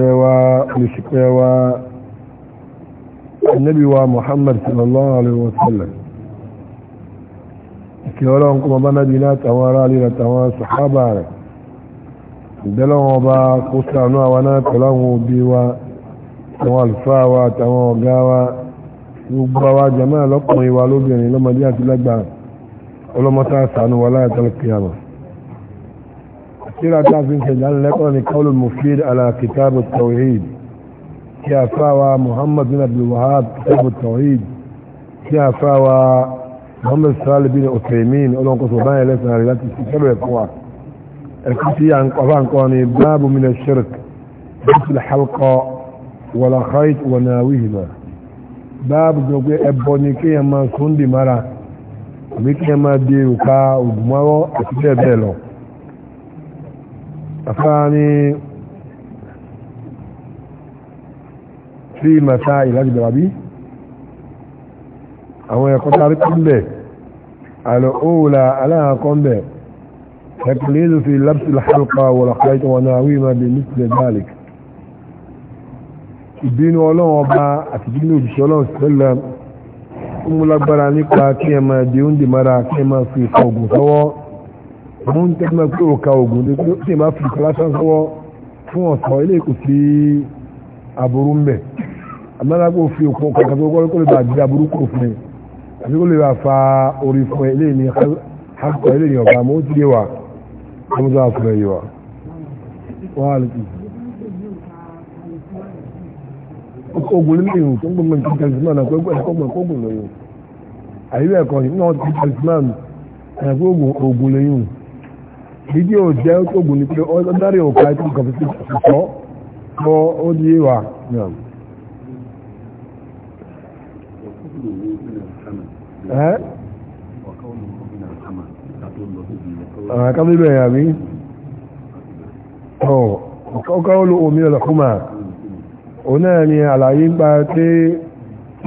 olùfẹ́ wa olùṣìpẹ̀ wa annabi wa muhammad sallallahu alaihi wasallam kí ọlọ́run kọmọ bá nábi látàwọn ará lè látàwọn sàhábà rẹ̀ ìdẹ́lọ́wọ́n bá kó sàánú àwọn náà tọ́láwọn òbí wa àwọn àlùfáà wa àtàwọn ọ̀gá wa gbogbo àwa jàmáà lọ́kùnrin wa lóbìnrin lọ́mọdé àti lágbà ترى تعرفين تجعل لك قول المفيد على كتاب التوحيد يا فاوى محمد بن عبد الوهاب كتاب التوحيد يا فاوى محمد صالح بن عثيمين أولون قصبان لسنا لاتي سبع قوى الكتي عن قرآن قواني باب من الشرك مثل الحلقة ولا خيط وناويهما باب دوكي ابونيكي اما سندي مرا بيكي اما ديوكا وبمارو اتبع بيلو أفاني في مسائل أجل ربي أو يقتار كله الأولى على قنبه تقليل في لبس الحلقة والخيط وناويما بمثل ذلك ìbínú ọlọ́run ọba àti ìbínú òṣìṣẹ́ ọlọ́run sílẹ̀ ń mú lágbára nípa kí ẹ máa di oúnjẹ mara kí ẹ máa fi ìfọ̀gùn sọ́wọ́ òun tẹ́ mọ́ pé òka ogun tí ma fi kọlásán sọ́wọ́ fún ọ̀sán ilé kò sí aburú ń bẹ̀ amárágbó fi òkú ọkọ̀ tàbí ọkọ̀ kó lè bá àdídá aburú kò fún ẹ àti kó lè bá fa orí fún ẹ ilé ní akọ̀ ilé ní ọ̀gá mọ́ ó ti yé wa ọmọ tó wà fún ẹ yé wa wàá lè kì ogun nínú ìhùn tó ń gbọ́n mọ́ talisman náà pẹ́ẹ́gbẹ́ ẹ̀kọ́gbọ̀n kọ́gbọ̀n lóyún àyíwẹ̀ ẹ̀kọ́ náà ti talisman náà pé ogun lóyún ìdí ò jẹ́ ògùn ní pé ọdọ́rí òkà ètò ìkàfẹ́sí ìṣọ́ mọ́ ó di wà náà kàmí bẹ̀rẹ̀ àmì ọkọ̀ olú omi ọlọ́kùnmà o náà ni àlàyé ń pa pé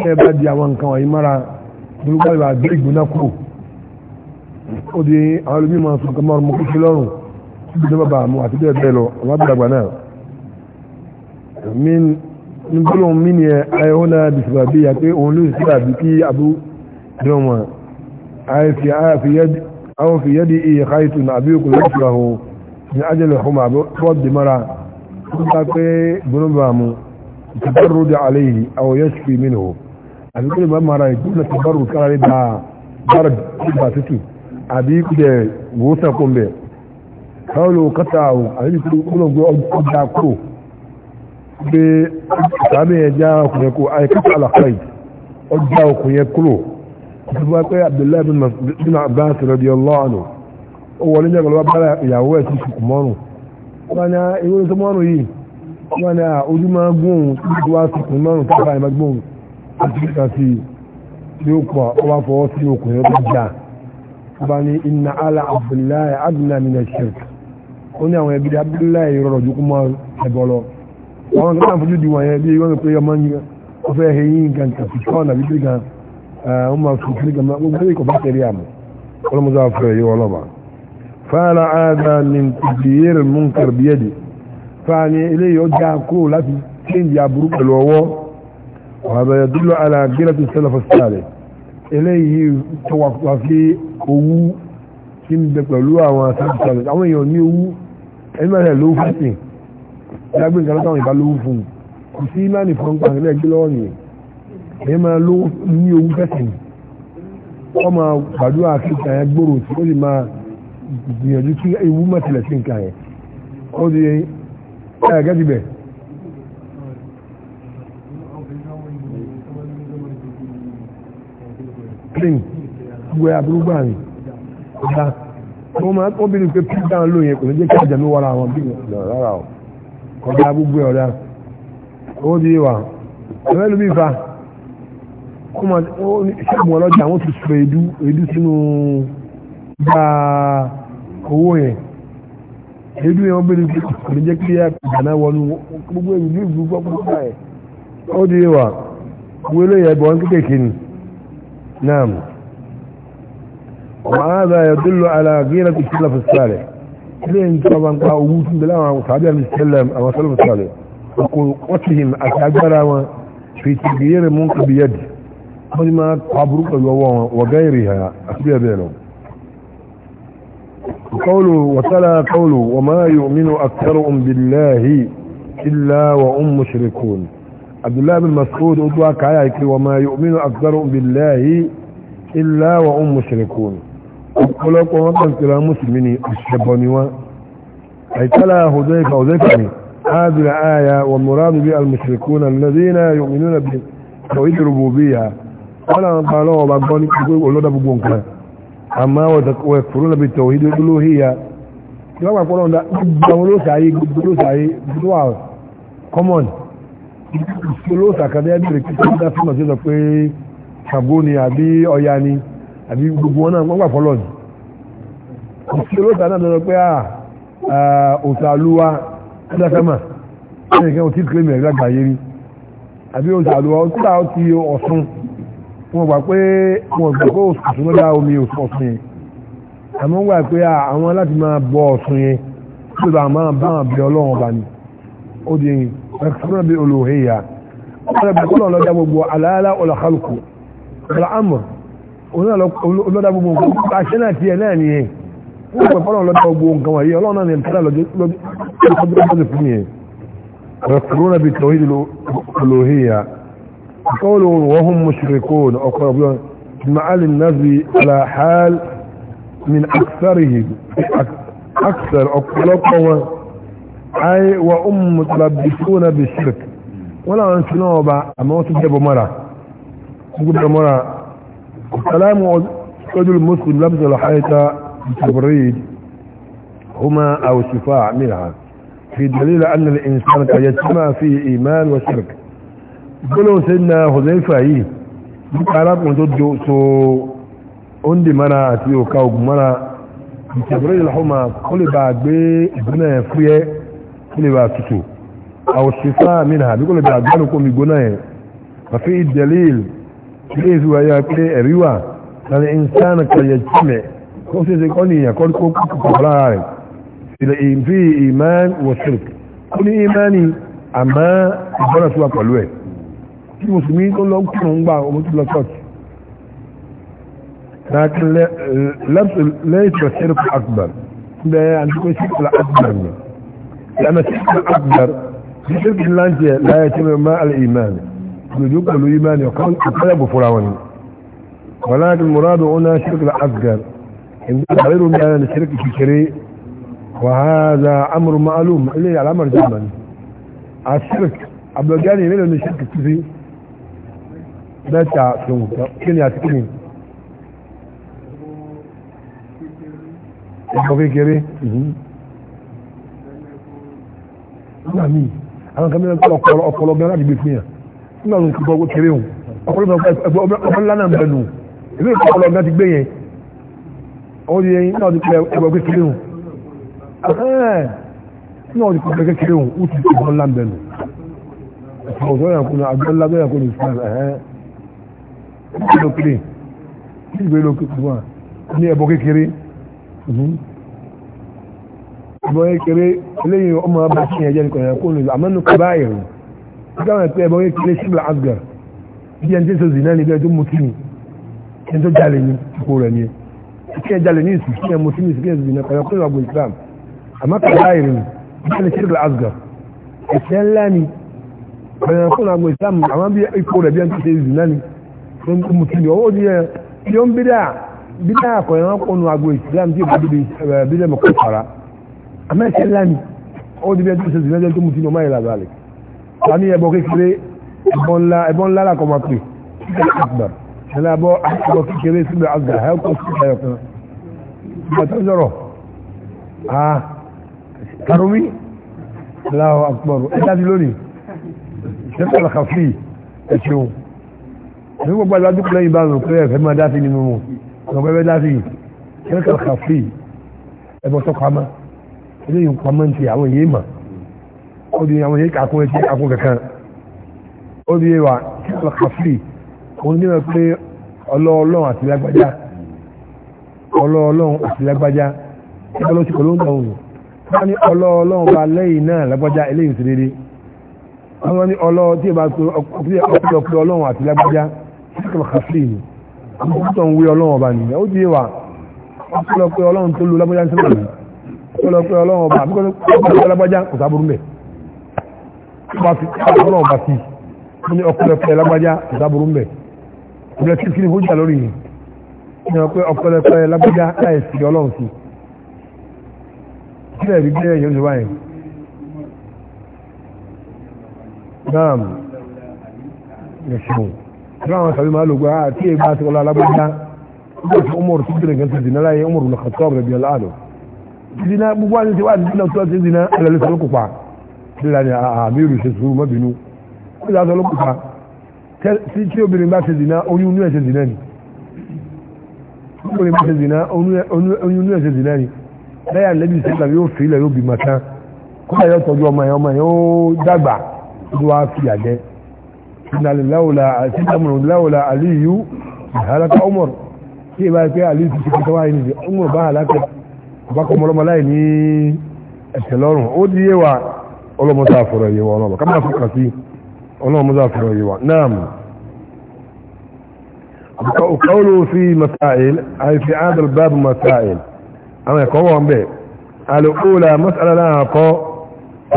ẹ bá di àwọn nǹkan wọ̀nyí mara dúrúgbà ìbàdí ìgbónákùn odi àwọn olùbí máa fún kamar mú kí lọ́rùn bí tó bàbá mú àti bẹ́ẹ̀ bẹ́ẹ̀ lọ alábìdàgbà náà min gbólóhùn mí ni ayọ́nà bìsìbàbí yà pé òun ló sì dàbí kí abú dán wọn àwọn fi yẹ́dì iye káyìtù na àbí òkú lọ́sì àhó ní ajẹ́lẹ̀ ọmọ àbí bọ́ọ̀dì mara tó bá pé gbólóhùn mú ìtàbárò dé àlẹ́ yìí àwọn yẹ́sì fi mí nìhó àti gbólóhùn mara ìgbólóhùn tàbárò kára rí bá bára bá tútù àbí kúdẹ̀ wòósàn kún bẹ̀ káwọn ló kátà àwọn àbí kúlọ̀gbé ọjà kúrò pé ìsàmì ẹja ọkùnrin kó àìkátà àlàkàì ọjà ọkùnrin kúrò ìjọba pé Abdullahi bin Abbas radiyallahu anhu ó wọlé ní ọgbọ̀lọ́wọ́ bára ìyàwó ẹ̀ sí sùkù mọ́rùn wọn ah, ni ewé tó mọ́rùn yìí wọn ni ah, ojú máa gún òun tó wá sùkù mọ́rùn tó fà ìmọ̀ gbóhùn àti bá ní iná ala abdullahi adina mina shirk ó ní àwọn ẹbí abdullahi rọrọ̀ jù kú máa ẹ̀bọ̀ lọ àwọn kan fojú di wọ̀nyẹn bí wọ́n pé ọmọ yìí wọ́n fẹ́ ẹ̀yìn nǹkan kan fi kọ́ ọ̀nà bíbí kan wọ́n máa fi kiri kan wọ́n gbé ìkọ̀ bá tẹ̀lé àmọ́ ọlọ́mọdé àfẹ́ yìí wọ́n lọ́ba fààlà àdá ní tìbìyẹ́rì munkar bíyẹ́dì fààní eléyìí ọjà kúrò láti kéńjì aburú pẹ̀lú ọwọ́ wàhálà dúró àlà gírẹ́tì sẹ́lẹ̀fọ́ sálẹ̀ eléyìí tọwọ́ owú tí ń bẹ pẹ̀lú àwọn sáàtìsàlẹ̀ àwọn èèyàn ní owú ẹni máa rẹ̀ lówó fún ìsìn ìdágbé nǹkan lọ́tàwọn ìbá lówó fún kò sí ìmáàní fún ọgbà ilé ẹgbẹ́ lọ́wọ́ nìyẹn èyí máa lówó ní owú fẹ́sìn wọ́n máa gbàdúrà kíkà yẹn gbòòrò tí ó sì máa gbìyànjú kí ewu mọ̀tìlẹ̀ sí nǹkan yẹn ó di ẹ̀ gẹ́gẹ́ bẹ̀ clean gbogbo ẹ̀ aburú gbà ní ọ̀dà wọ́n máa wọ́n bí pé pín dáhùn lóyún ẹ̀ kò ní jẹ́ kí àjẹmí wọ́ra àwọn bí rárá o ọ̀dà gbogbo ẹ̀ ọ̀dà owó bí wà ẹ̀rẹ́ ló fa wọ́n máa ṣẹ́gun ọlọ́jà wọ́n ti sọ èdú èdú sínú gba owó yẹn èdú yẹn wọ́n bí pé kò ní jẹ́ kí àjẹmí wọnú gbogbo ẹ̀ ìlú ìlú gbogbo ẹ̀ ó di wà wọ́n lóyún bọ̀ wọ́n kékèké ni náà. وهذا يدل على غيرة السلف الصالح لين طبعا قاوت بلا وصحابي المسلم او السلف الصالح وقوتهم اتاجرا في تغيير منك بيد كلمة عبرك وغيرها أخبر بينهم قوله وتلا قوله وما يؤمن أكثرهم بالله إلا وهم مشركون عبد الله بن مسعود وما يؤمن أكثرهم بالله إلا وهم مشركون ọ̀pọ̀lọpọ̀ wọn kàn tẹ̀lé mùsùlùmí ni ìṣẹ̀bọ ni wọn àìtálà hùzẹ́fà hùzẹ́fà ni هذه الآية والمراد بها المشركون الذين يؤمنون بتوحيد الربوبية ولا قالوا بقول يقولوا ده بقول كلام أما ويكفرون بالتوحيد الألوهية yọ́wọ́ àpọ́lọ́ ọ̀dá gbogbo olóòsàáyé gbogbo olóòsàáyé gbogbo àwọn common olóòsàkàdé ẹgbẹ̀rẹ̀ kí tó dá fún ọ̀sẹ̀ sọ pé ṣàgbó ni àbí ọya àbí gbogbo wọn náà wọ́n gbà fọ́lọ́ ni òsì olóòtà náà lọ́dọ̀ pé òsà àlúwa ẹ̀dákàmà ẹnìkan òtí kìlẹ̀ mẹ́rin lágbàáyé rí àbí òsà àlúwa ó tíra ó ti ọ̀sùn wọn gbà pé wọn gbà pé òsùn lọ́dà omi òsùn ọ̀sùn yẹn àmọ́ wà pé àwọn láti máa bọ ọ̀sùn yẹn tó bá máa bá wọn bí ọlọ́run ọba ni ó di ẹ̀kọ́ bí olóhèyà ọ̀rẹ́ bàtọ́lọ́ lọ́dà gbogbo àlàálá ọ̀làkálùkù ọ̀làámọ̀ olóda gbogbo nǹkan àṣẹ náà tiẹ̀ náà nìyẹn wọ́n pẹ̀ fọ́nà lọ́dọ̀ gbogbo nǹkan wọ̀nyí ọlọ́run náà ní ẹ̀ka lọ́dọ̀ fún yẹn rẹ̀kúrúnà bíi tọ́wí olóhìyà kọ́wọ́lù wọ́hún mushrikun كلام رجل مسلم لمس الحيطة بتبريد هما أو شفاع منها في دليل أن الإنسان قد يجتمع فيه ايمان وشرك قلوا سيدنا حذيفة هي بقالات من ضد سو عندي منا اتيو كوب منا بتبريد الحما كل بعد بي ابنا يفريه كل بعد تسو أو شفاع منها بيقول بعد بانكم يقولون ففي الدليل ilé ìfi wáyé pé ẹ̀rí wà láti ìsáàna kẹyẹ jìmẹ̀ kó sì ṣe kọ́ ní ìyàkọ́ kó kúkú lára rẹ̀ ilẹ̀ ìfi ìmán wọ̀ṣirk kó ní ìmánì àmọ́ ìbọ́nà tó wà pẹ̀lú ẹ̀ kí mùsùlùmí tó lọ kúrò ń gbà ọmọ tó lọ church lakin lẹ́yìn lójú pẹ̀lú imani ọ̀kọ́lẹ́gbò fúra wọn ni wàláàdì muradu ọ̀nà ṣírkì asgar ìgbà àrírò ní ara ṣírkì kékeré wà á za amur ma'alum ilé alamar jamani a ṣírk abdulgani mélòó ni ṣírkì kìí mẹ́ta tó kíni àti kíni ẹ̀kọ́ kékeré nígbà míì àwọn kan mẹ́rin ọpọlọ gan láti gbé fún yàn nígbà tó ti bọ́ kéré òun ọ̀pọ̀lọpọ̀ ńlá bẹnu ìlú ìpọ̀lọ̀ ọ̀gá ti gbé yẹn ó di ẹyin náà ti pẹ ẹgbẹ́ kékeré òun náà ti pẹ kékeré òun ó ti ti bọ́ ńlá bẹnu ọ̀tọ̀ yẹn kò ní àgbẹ̀ ńlá bẹ́ẹ̀ kò ní ìfúnra ẹ̀hẹ́n ìgbé lókèrè ìgbé lókèrè wà ní ẹbọ kékeré ẹbọ kékeré eléyìí ọmọ abẹ́ sí ẹ̀jẹ̀ nìkan yẹn kò ní àmọ́nù kọ báyìí gbàgbọ́n pé ẹbọ kékeré sí ìlà asgar bí ẹni tí ń sọ zina ni bí ẹni tó mutí ni ẹni tó jalè ni ipò rẹ̀ ni kí ẹ jalè ní ìsìn kí ẹ mutí ní ìsìn kí ẹ zina kọ̀yọ̀ kó ìwàgbọ̀ Islam àmọ́ kàlá ìrìn bí ẹni sí ìlà asgar ẹ̀ṣẹ̀ ńlá ni kọ̀yọ̀ kó ìwàgbọ̀ Islam àmọ́ bí ipò rẹ̀ bí ẹni tó ṣe zina ni tó mutí ni ọwọ́ yẹ yọ ń bídà bídà kọ̀yọ̀ kó ìwàgbọ̀ Islam tí ìbá bídà mọ̀ kọ̀ ta ní ẹbọ kékeré ẹbọ ńlá ẹbọ ńlá làkọ̀ máa pè àgbà ẹ̀lá ẹbọ ẹbọ kékeré sílẹ̀ àgbà ẹ̀kọ́ sí ẹyọ kan ìgbà tó ń aláwọ̀ àpọ̀rọ̀ ẹ̀ lónìí ṣẹ́fẹ̀ làkàfí ẹ̀bọ̀ sọ pamọ́ eléyìí pamọ́ ti àwọn yéé mọ̀ ó di àwọn yẹ́kà kún ẹ̀kí akún kankan ó di ẹwà alkafri òun ní wọ́n pé ọlọ́ọ̀lọ́run àti lágbájá ọlọ́ọ̀lọ́run àti lágbájá ẹgbẹ́ lọ́sí kò ló ń tọ̀ òun wọ́n ní ọlọ́ọ̀lọ́run bá lẹ́yìn náà lágbájá eléyìí ti dédé wọ́n ní ọlọ́ tí ẹ bá pé ọpẹ́ ọlọ́run àti lágbájá alkafri ni àwọn tó ń wé ọlọ́run ọba nìyẹn ó di ẹwà ọpẹ́ ọlọ́run tó lu lágbájá ń sọ̀rọ̀ ọpẹ́ ọlọ́run ọba àbúkọ́ lágbájá kò sábúrú mẹ́ẹ̀ bá ti ọ̀nà ọ̀bá ti wọ́n ní ọ̀pọ̀lọpọ̀ lágbájá ìdáburú mbẹ̀ ìbílẹ̀ tí kìíní fújà lórí yìí ní ọ̀pẹ́ ọ̀pọ̀lọpọ̀ lágbájá láì sí ọlọ́run sí kílẹ̀ rí bẹ́ẹ̀ yẹn lọ́wọ́ yẹn. naam yẹsùn ìlú àwọn sàbí máa lògbà àti ègbà àti ọlọ́ alágbájá ah, nígbà tí Umar tó dìrẹ̀ gẹ́gẹ́ ti dìnnà láyé Umar lọ́kàtọ́ rẹ̀ bí ọlọ́ àlọ́ nílá ni àmírù ah, ah, ṣe sùúrù mọ́bìnú ó yà sọ lókùta tí tí obìnrin bá ṣe dìná oyún inú ẹ̀ ṣe dìná ni obìnrin bá ṣe dìná oyún inú ẹ̀ ṣe dìná ni lẹ́yà lẹ́bí sẹ́ńtà yóò fi ilẹ̀ yóò bí màtá kọ́lá yóò tọ́jú ọmọ yẹn ọmọ yẹn ó dàgbà tó wá fi àjẹ́ sídàmùláwòlá àlíyú ìhàlákà umar tí ìbá ẹgbẹ́ àlíyú ti ṣe kí tọ́wá yìí nìyí umar bá àlákà ọbákọmọlọmọ láì ní ẹ̀sẹ̀ lọ́rùn ó di yé wa ọlọ́mọdé àfọ̀rọ̀ yìí wọ ọlọ́mọ kámá fọ́kà sí ọlọ́mọdé àfọ̀rọ̀ yìí wọ náàm kọ́ọ̀lù sí masáìl àìsí adal báàbù masáìl àwọn ẹ̀kọ́ wọn bẹ̀ alùkúlà masala náà kọ́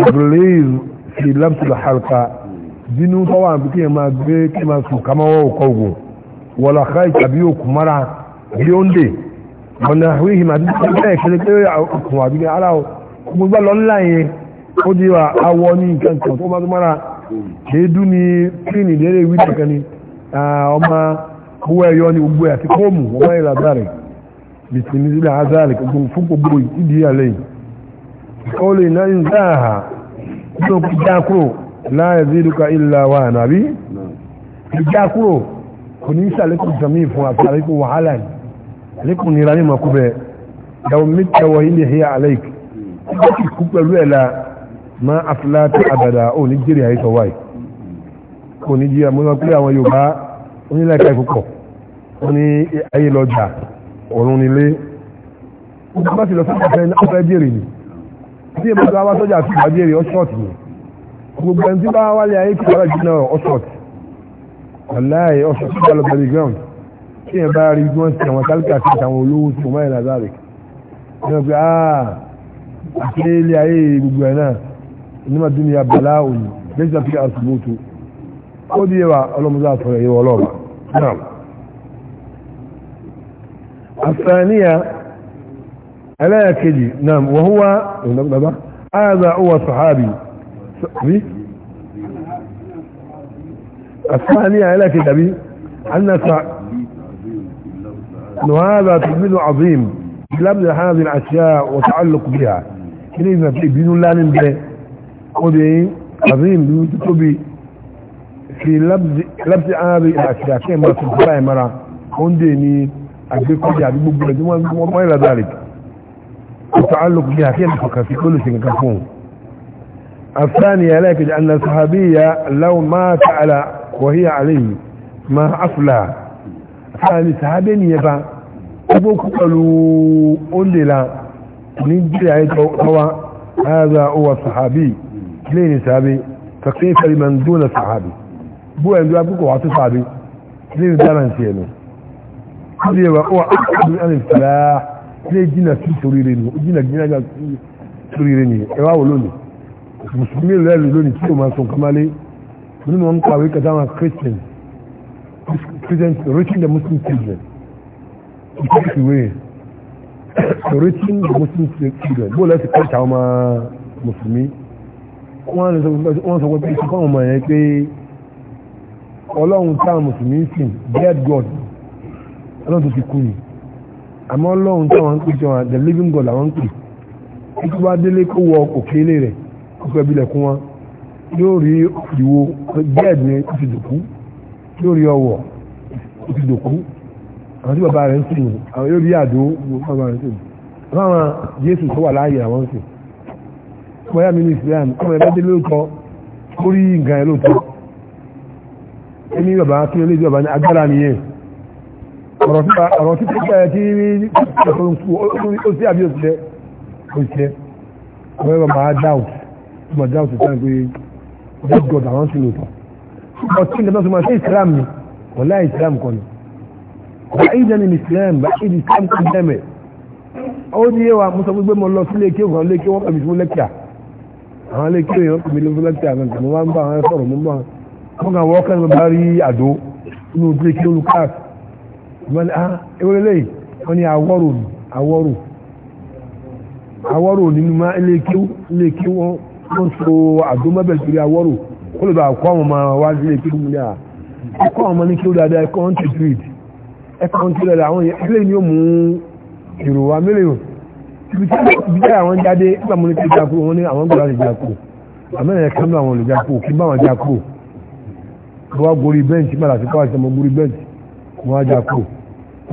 ibrahim sí lamsul halka bínú tọ́wà bí kí ẹ máa gbé kí ẹ máa sùn kámọ́wọ́ òkọ́ ògùn wọ́lá káì tàbí òkú mara bí ó ń dè mọ̀nà àwíhìm aláwọ̀ gbogbo lọ́nlá yẹn ó di wa awọ ní nǹkan kan tó bá tó mọ́ra èédú ni tíìnì léèrè wí nìkan ni ọmọ owó ẹ̀yọ́ ni gbogbo ẹ̀ àti kóòmù ọmọ ìlà bàrẹ̀ bìtìmí sílẹ̀ azari fún gbogbo ìdí àlẹ́ yìí ó lè náà ń záàhà tó kú jákúrò láàyè zídùkà ìlà wa nàbí ìjákúrò kò ní sàlékù jami fún àtàlékù wàhálà yìí àlékù nira ní makú yàwó mítẹwọ ilé hìyà àlẹ́ yìí pẹ̀lú ẹ̀ la ma afilata abada o ní jèrè àyíṣọ wáyé kò ní jí àmúlò pé àwọn yorùbá onílẹ̀ka ìkókọ̀ ó ní ayé lọ́jà ọ̀run nílé bá sì lọ sí ọ̀fẹ́ ọ̀fẹ́ jèrè ni bí èmi bá wá sọ́jà sí ìgbà jèrè ọ̀ṣọ́ọ̀tì ni gbogbo ẹni tí bá wálé ayé kí wàrà jù náà ọ̀ṣọ́ọ̀tì aláì ọ̀ṣọ́ọ̀tì bá lọ bẹ̀rẹ̀ ground kí èèyàn bá rí bí wọ́n ti àwọn tálíkà sí àwọn olówó tó máyì lazaric ní ọgbẹ́ àà àti ilé ayé gbogbo ẹ̀ náà إنما الدنيا بلاء ليس فيها ثبوت ودي المضاف إليه ولوما نعم الثانية ألا يكدي نعم وهو هذا هو صحابي الثانية ألا كدي أن هذا تحميل عظيم لم هذه الأشياء وتعلق بها إليه بن الله من بيه obìnrin azim ló ti tóbi fi lábí àárín àti àkẹ́ ìmọ̀ àti ìjọba ìmọ̀ra oúnjẹ ni àgbékọ́jà àti gbogbo ẹ̀jọ́ wọn mọ́ ìlàdà rẹ̀ ọ̀tọ̀ alùpùpù ní àkẹ́ ìfọ̀kàn sí kó lè ṣe nǹkan fún un الثانية لكن أن الصحابية لو وهي عليه ما أفلى فأني صحابين يبا أبوك قالوا قل لي هذا هو الصحابي اثنين صحابي فكيف لمن دون صحابي بو عنده ابوك وعطي صحابي ليه بالانس يعني هذه هو احد من الفلاح ليه جينا في سريرين جينا جينا سريرين ايوا ولوني المسلمين لا لوني تيو ما سون كمالي من وان قاوي كتاما كريستيان كريستيان reaching the Muslim children it takes away reaching the Muslim children بو لا تكون تاما مسلمين wọ́n sọ pé ìṣẹ́ fún ọmọ yẹn pé ọlọ́run tá a mùsùlùmí sìn dead god ọlọ́run tó ti kú ni àmọ́ ọlọ́run tá wọn ń pè jọ wọn the living god àwọn ń pè títí wá délé kó wọ òkèlè rẹ̀ kó fẹ́ bilẹ̀ kún wọn yóò rí ìwo dead ni ó ti dòkú yóò rí ọwọ́ ó ti dòkú àwọn tí bàbá rẹ̀ ń sìn àwọn yóò rí àdó bàbá rẹ̀ ń sìn àwọn Jésù tó wà láàyè àwọn ń sìn bóyá mi ní islam ọmọ ẹ̀dá dé lóòótọ́ ó rí nǹkan ẹ̀ lóòótọ́ ẹni bàbá kí ló lè bàbá ní agbára nìyẹn ọ̀rọ̀ tí tó gbà tí ó sí àbí òṣìṣẹ́ òṣìṣẹ́ ọmọ ẹ̀rọ máa dáùt máa dáùt sáà pé that god àwọn sí lóòótọ́ ṣùgbọ́n tí ìlẹ́tọ́ tó máa ṣe islam ni wọ́n láì islam kọ́ ni bàídẹ́ ni islam bàídẹ́ islam kọ́ dẹ́mẹ̀ ó ní yé wa mo sọ pé mo lọ sílé kí òkàn lé kí wọ́n pẹ̀lú ìṣúná lẹ́kìá àwọn ilé kílè yẹn kùmí lóko lẹ́tì àwọn ìgbìmọ̀ máa ń bá àwọn sọ̀rọ̀ mọ́ máa wọ́n kàn wọ́n kàn bá rí àdó inú ilé kílè olú káàkì wọ́n ní ah ewúrẹ́ lẹ́yìn wọ́n ní àwọ̀rò àwọ̀rò àwọ̀rò nínú máa ilé kíw ilé kíw wọ́n wọ́n so àdó mẹ́bẹ̀ torí àwọ̀rò kó lè bá kọ́ àwọn ọmọ wá sí ilé kíw múlẹ̀ à ah, ẹ̀kọ́ àwọn ọmọ ní kíw dáadáa ẹ̀kọ́ wọn ti tìrìd ẹ̀kọ́ wọn ti dáadáa àwọn ilé ni ó mú ìrò wa mílíọ̀nù ibi tí àwọn jáde nígbà mo ní kí jákó wọn ní àwọn gbọ́dọ̀ lè jákó àmẹ́rin ẹ̀ka mú àwọn olùjákó kí bá wọn jákó wọ́n gorí bẹ́ǹtì padà sí káwàsí ọmọ gorí bẹ́ǹtì wọ́n á jákó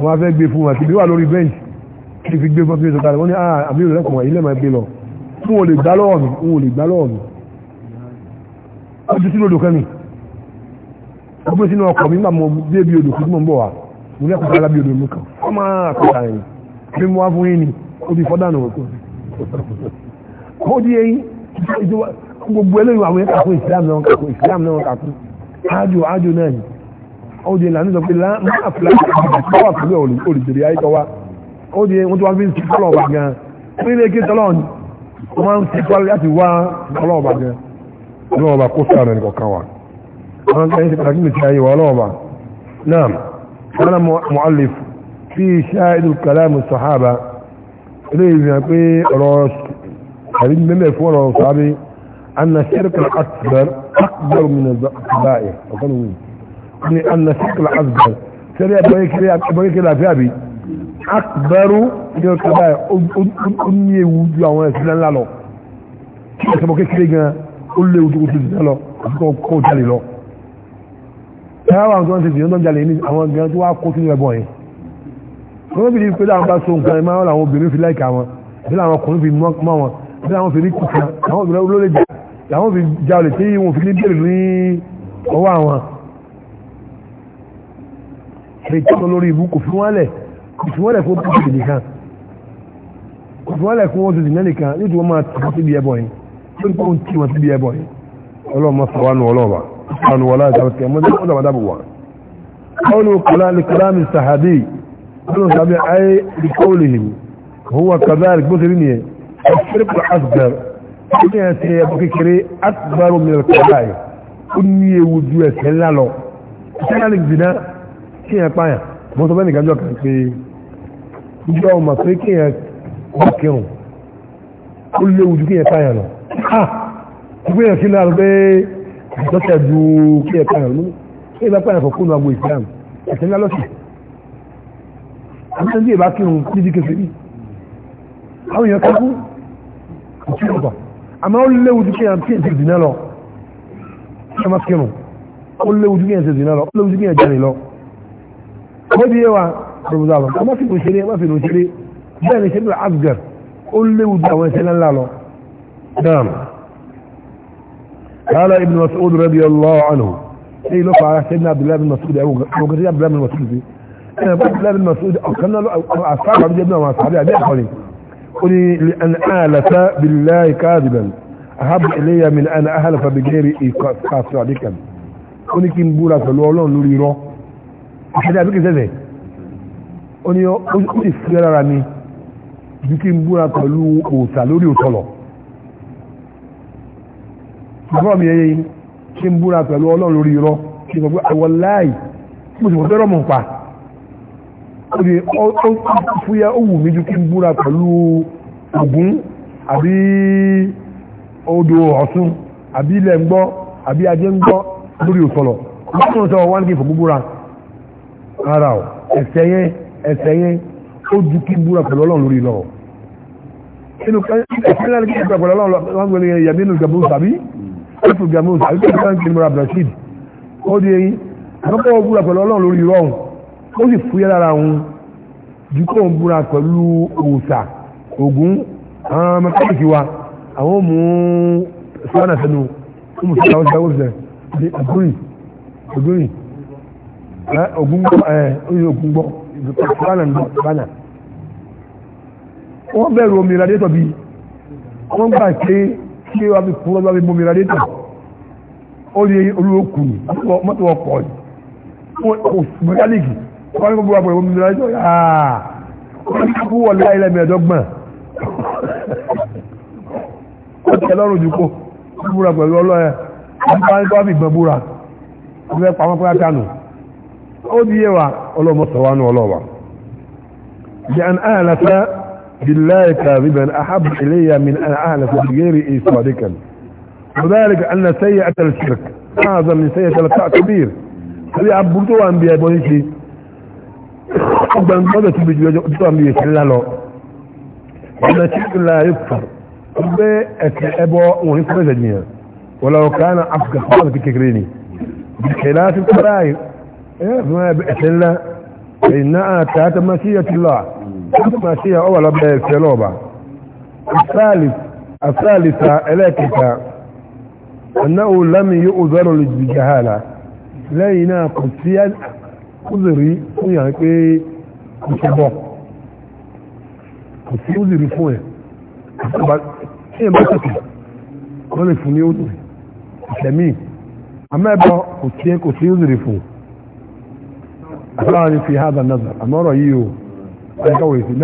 wọ́n á fẹ́ gbé fún wọn àti wà lórí bẹ́ǹtì kí fi gbé fún fún ìsọ̀kalẹ̀ wọ́n ní ah, àbí ìrẹ́kùn wà ilé máa gbé lọ fún olè gbá lọ́wọ́ mi fún olè gbá lọ́wọ́ mi ojú sínú odò kẹ́mi ọgbọ́n sínú ọkọ̀ mi máa mọ bí ebi odò kí mọ̀ ń bọ̀ wá mo lẹ́kùn ó ti fọ́dánù ó di eyín gbogbo eléyìí àwọn ẹ̀ka fún ìsìlámù náà kàkún ìsìlámù náà kàkún ájò ájò náà ni ó di ìlànà sọ pé máa fìlà wa ó di wọ́n tó wá fi ń ti fọ́lọ̀ ọ̀bà gan ní ilé kí tọ́lọ́ ni wọ́n máa ń ti fọ́lọ̀ láti wá gan ní ọba kó wa wọ́n kẹ́ ṣe pàtàkì mìtì ayé wa náà ilé ìrìnà pé ọ̀rọ̀ àrí mẹ́mẹ́ fún ọ̀rọ̀ sáré anna shirkul akbar akbar min al-ba'i ọkọlù wí ni anna shirkul akbar sẹ́rẹ́ ẹ̀bọ̀n kékeré àfẹ́ àbí akbaru ní ọkọ̀ báyìí ó ní ewu ju àwọn ẹ̀sìn ńlá lọ kí ẹ̀sọ́mọ kékeré gan ó léwu tó kótó ìdíná lọ àbúkọ kó jalè lọ tẹ́wàá àwọn tó ń ṣe ìdíná tó ń jalè ní àwọn gan tó wá kó sínú ẹ̀bọ̀n yìí wọ́n bí pé láwọn bá so nǹkan ẹ̀ máa làwọn obìnrin fi láìka wọn bí làwọn ọkùnrin fi mọ́ wọn bí làwọn fi rí kùkà àwọn obìnrin olólè jà làwọn fi já olè tí wọn fi ní bèrè ní ọwọ́ àwọn. ṣe ìtọ́nà lórí ìbú kò fi wọ́n lẹ̀ kò fi wọ́n lẹ̀ fún bíbélì nìkan kò fi wọ́n lẹ̀ fún oṣù dìnnà nìkan nítorí wọ́n máa tàn síbi ẹbọ yìí lórí pé wọ́n ti wọ́n síbi ẹbọ yìí ọlọ́mọ sọ̀wánu ọlọ́ọ̀bà sọ̀wánu wọlá ìjàmbá أنا سامي أي لقولهم هو كذلك بس مثل الشرك الأصغر كنا سيبقى كري أصغر من الكبائر كني وجوه سلالو سلالك بنا كنا قايا مصبني كان جوكا في جو مصري كنا وكيون كل وجوه كنا قايا لو ها كنا سلال بي تتجو كنا قايا لو كنا قايا فكونا أبو إسلام سلالو سلالو àmì ìbá kírun níbi kẹfẹ́ rí àwọn èèyàn kákú àti ọgbà àmì ó léwu ju kí ẹ̀yàn ti dìnnà lọ kí ẹ̀má kírun ó léwu ju kí ẹ̀yàn ti dìnnà lọ ó léwu ju kí ẹ̀yàn jáde lọ ó di yẹwà rọ̀bùdà lọ ọmọ fi kò ṣeré ọmọ fi kò ṣeré bẹ́ẹ̀ ni ṣẹ́bí asgar ó léwu ju àwọn ẹ̀ṣẹ̀ ńlá lọ dáàmù قال ابن مسعود رضي الله عنه اي لقى سيدنا عبد الله بن مسعود او قتل عبد الله أنا بقول الله المسؤول أكلنا أصحاب عبد الله وأصحابي عبد الله قولي لأن آلف بالله كاذبا أحب إلي من أن أهلف بغير إيقاف صادقا قولي كم بولا فلولون لوري رو أحد أبيك زي قولي قولي فيرا رامي ju kí n búra pẹ̀lú òòsà lórí òtọ́lọ̀ bọ́ọ̀ mi yẹ kí n búra pẹ̀lú ọlọ́run lórí irọ́ kí n sọ pé àwọ̀ láì mo sì mọ̀ fẹ́ràn mọ̀ pa orí fúyá òwú méjì kí n búra pẹ̀lú Ògún àbí odò Ọ̀ṣun àbí ilẹ̀ ń gbọ́ àbí ajé ń gbọ́ lórí òsọ̀lọ̀ lọ́nà tó wá ní kí fòkú búra ara ọ̀ ẹ̀sẹ̀ yẹn ẹ̀sẹ̀ yẹn ó ju kí n búra pẹ̀lú Ọlọ́run lórí lọ inú ẹ̀sẹ̀ náà ní kí n búra pẹ̀lú Ọlọ́run wọn gbé yẹn nínú gàmúùs àbí ẹ̀fù gàmúùs àbí kí n búra pẹ̀lú Abdulrasheed ó di eyín àkọ́kọ́ búra pẹ̀lú Ọlọ́run lórí rọrùn ó sì fúyẹ́ lára òun ju kó ń búra pẹ̀lú òòṣà ògún àwọn mẹkáníìkì wa àwọn mú sọ́nà sẹ́nu ó mú sọ́nà ọ̀sẹ̀ ọ̀sẹ̀ ní ògúnrì ògúnrì ògún gbọ́ ẹ̀ oyin ògún gbọ́ sọ́nà ní sọ́nà wọ́n bẹ̀rù omi ìrànlẹ́tọ̀ bíi wọ́n gbà pé kí wọ́n fi kúrọ́ lọ́wọ́ omi ìrànlẹ́tọ̀ ó lé olóòkùn mọ́tò ọkọ̀ ọ̀sùn mẹkáníìkì wọ́n ní kó bú àpòlò omi lọ́jọ́ àà ah, wọ́n ní kó wọlé ayé lẹ́mìí ẹ̀dọ́gbọ̀n ó tẹ̀ lọ́rùn jù kó búra pẹ̀lú ọlọ́ẹ̀ ọba ní kó fi gbọ́n búra ọbẹ̀ pamọ́ pé àtànù ó di yé wa ọlọ́mọ sọ wa nù ọlọ́wà jẹ́ an àlàfẹ́ من ان اهلك بغيره صادقا وذلك ان سيئة الشرك اعظم من سيئة الكبير فبيعبدوا انبياء بنيتي ọgbà gbọ́dọ̀ tó bí ju ẹjọ́ tó àmì èsì ńlá lọ ọ̀nà tí ó la yóò fà ọgbẹ́ ẹ̀sìn ẹbọ wọn ní fẹ́sẹ̀ nìyàn wọ́n lọ ká náà Áfíríkà fún àwọn kékeré ni ìkẹlá ti kọ́ra ẹ̀sìn ńlá ẹ̀yìn náà tààtà máa ṣíyà ti lọ àti máa ṣíyà ọwà lọ́bẹ̀ ẹ̀sẹ̀ lọ́ọ̀bà asálìsà ẹlẹ́kẹta ọ̀nà òlámi yóò zọrọ̀ lè jù jahala lẹ́yìn náà kò sí kúzìrí fún yàrá pé kò ṣe bọ́ kò sí kúzìrí fún ẹ̀ ṣe bá tètè wọ́n lè fún ní òtò ìṣẹ̀mí àmẹ́bọ̀ kò kò fún ni fi náà àmọ́ ọ̀rọ̀ yìí o ẹ̀kọ́ ìsìn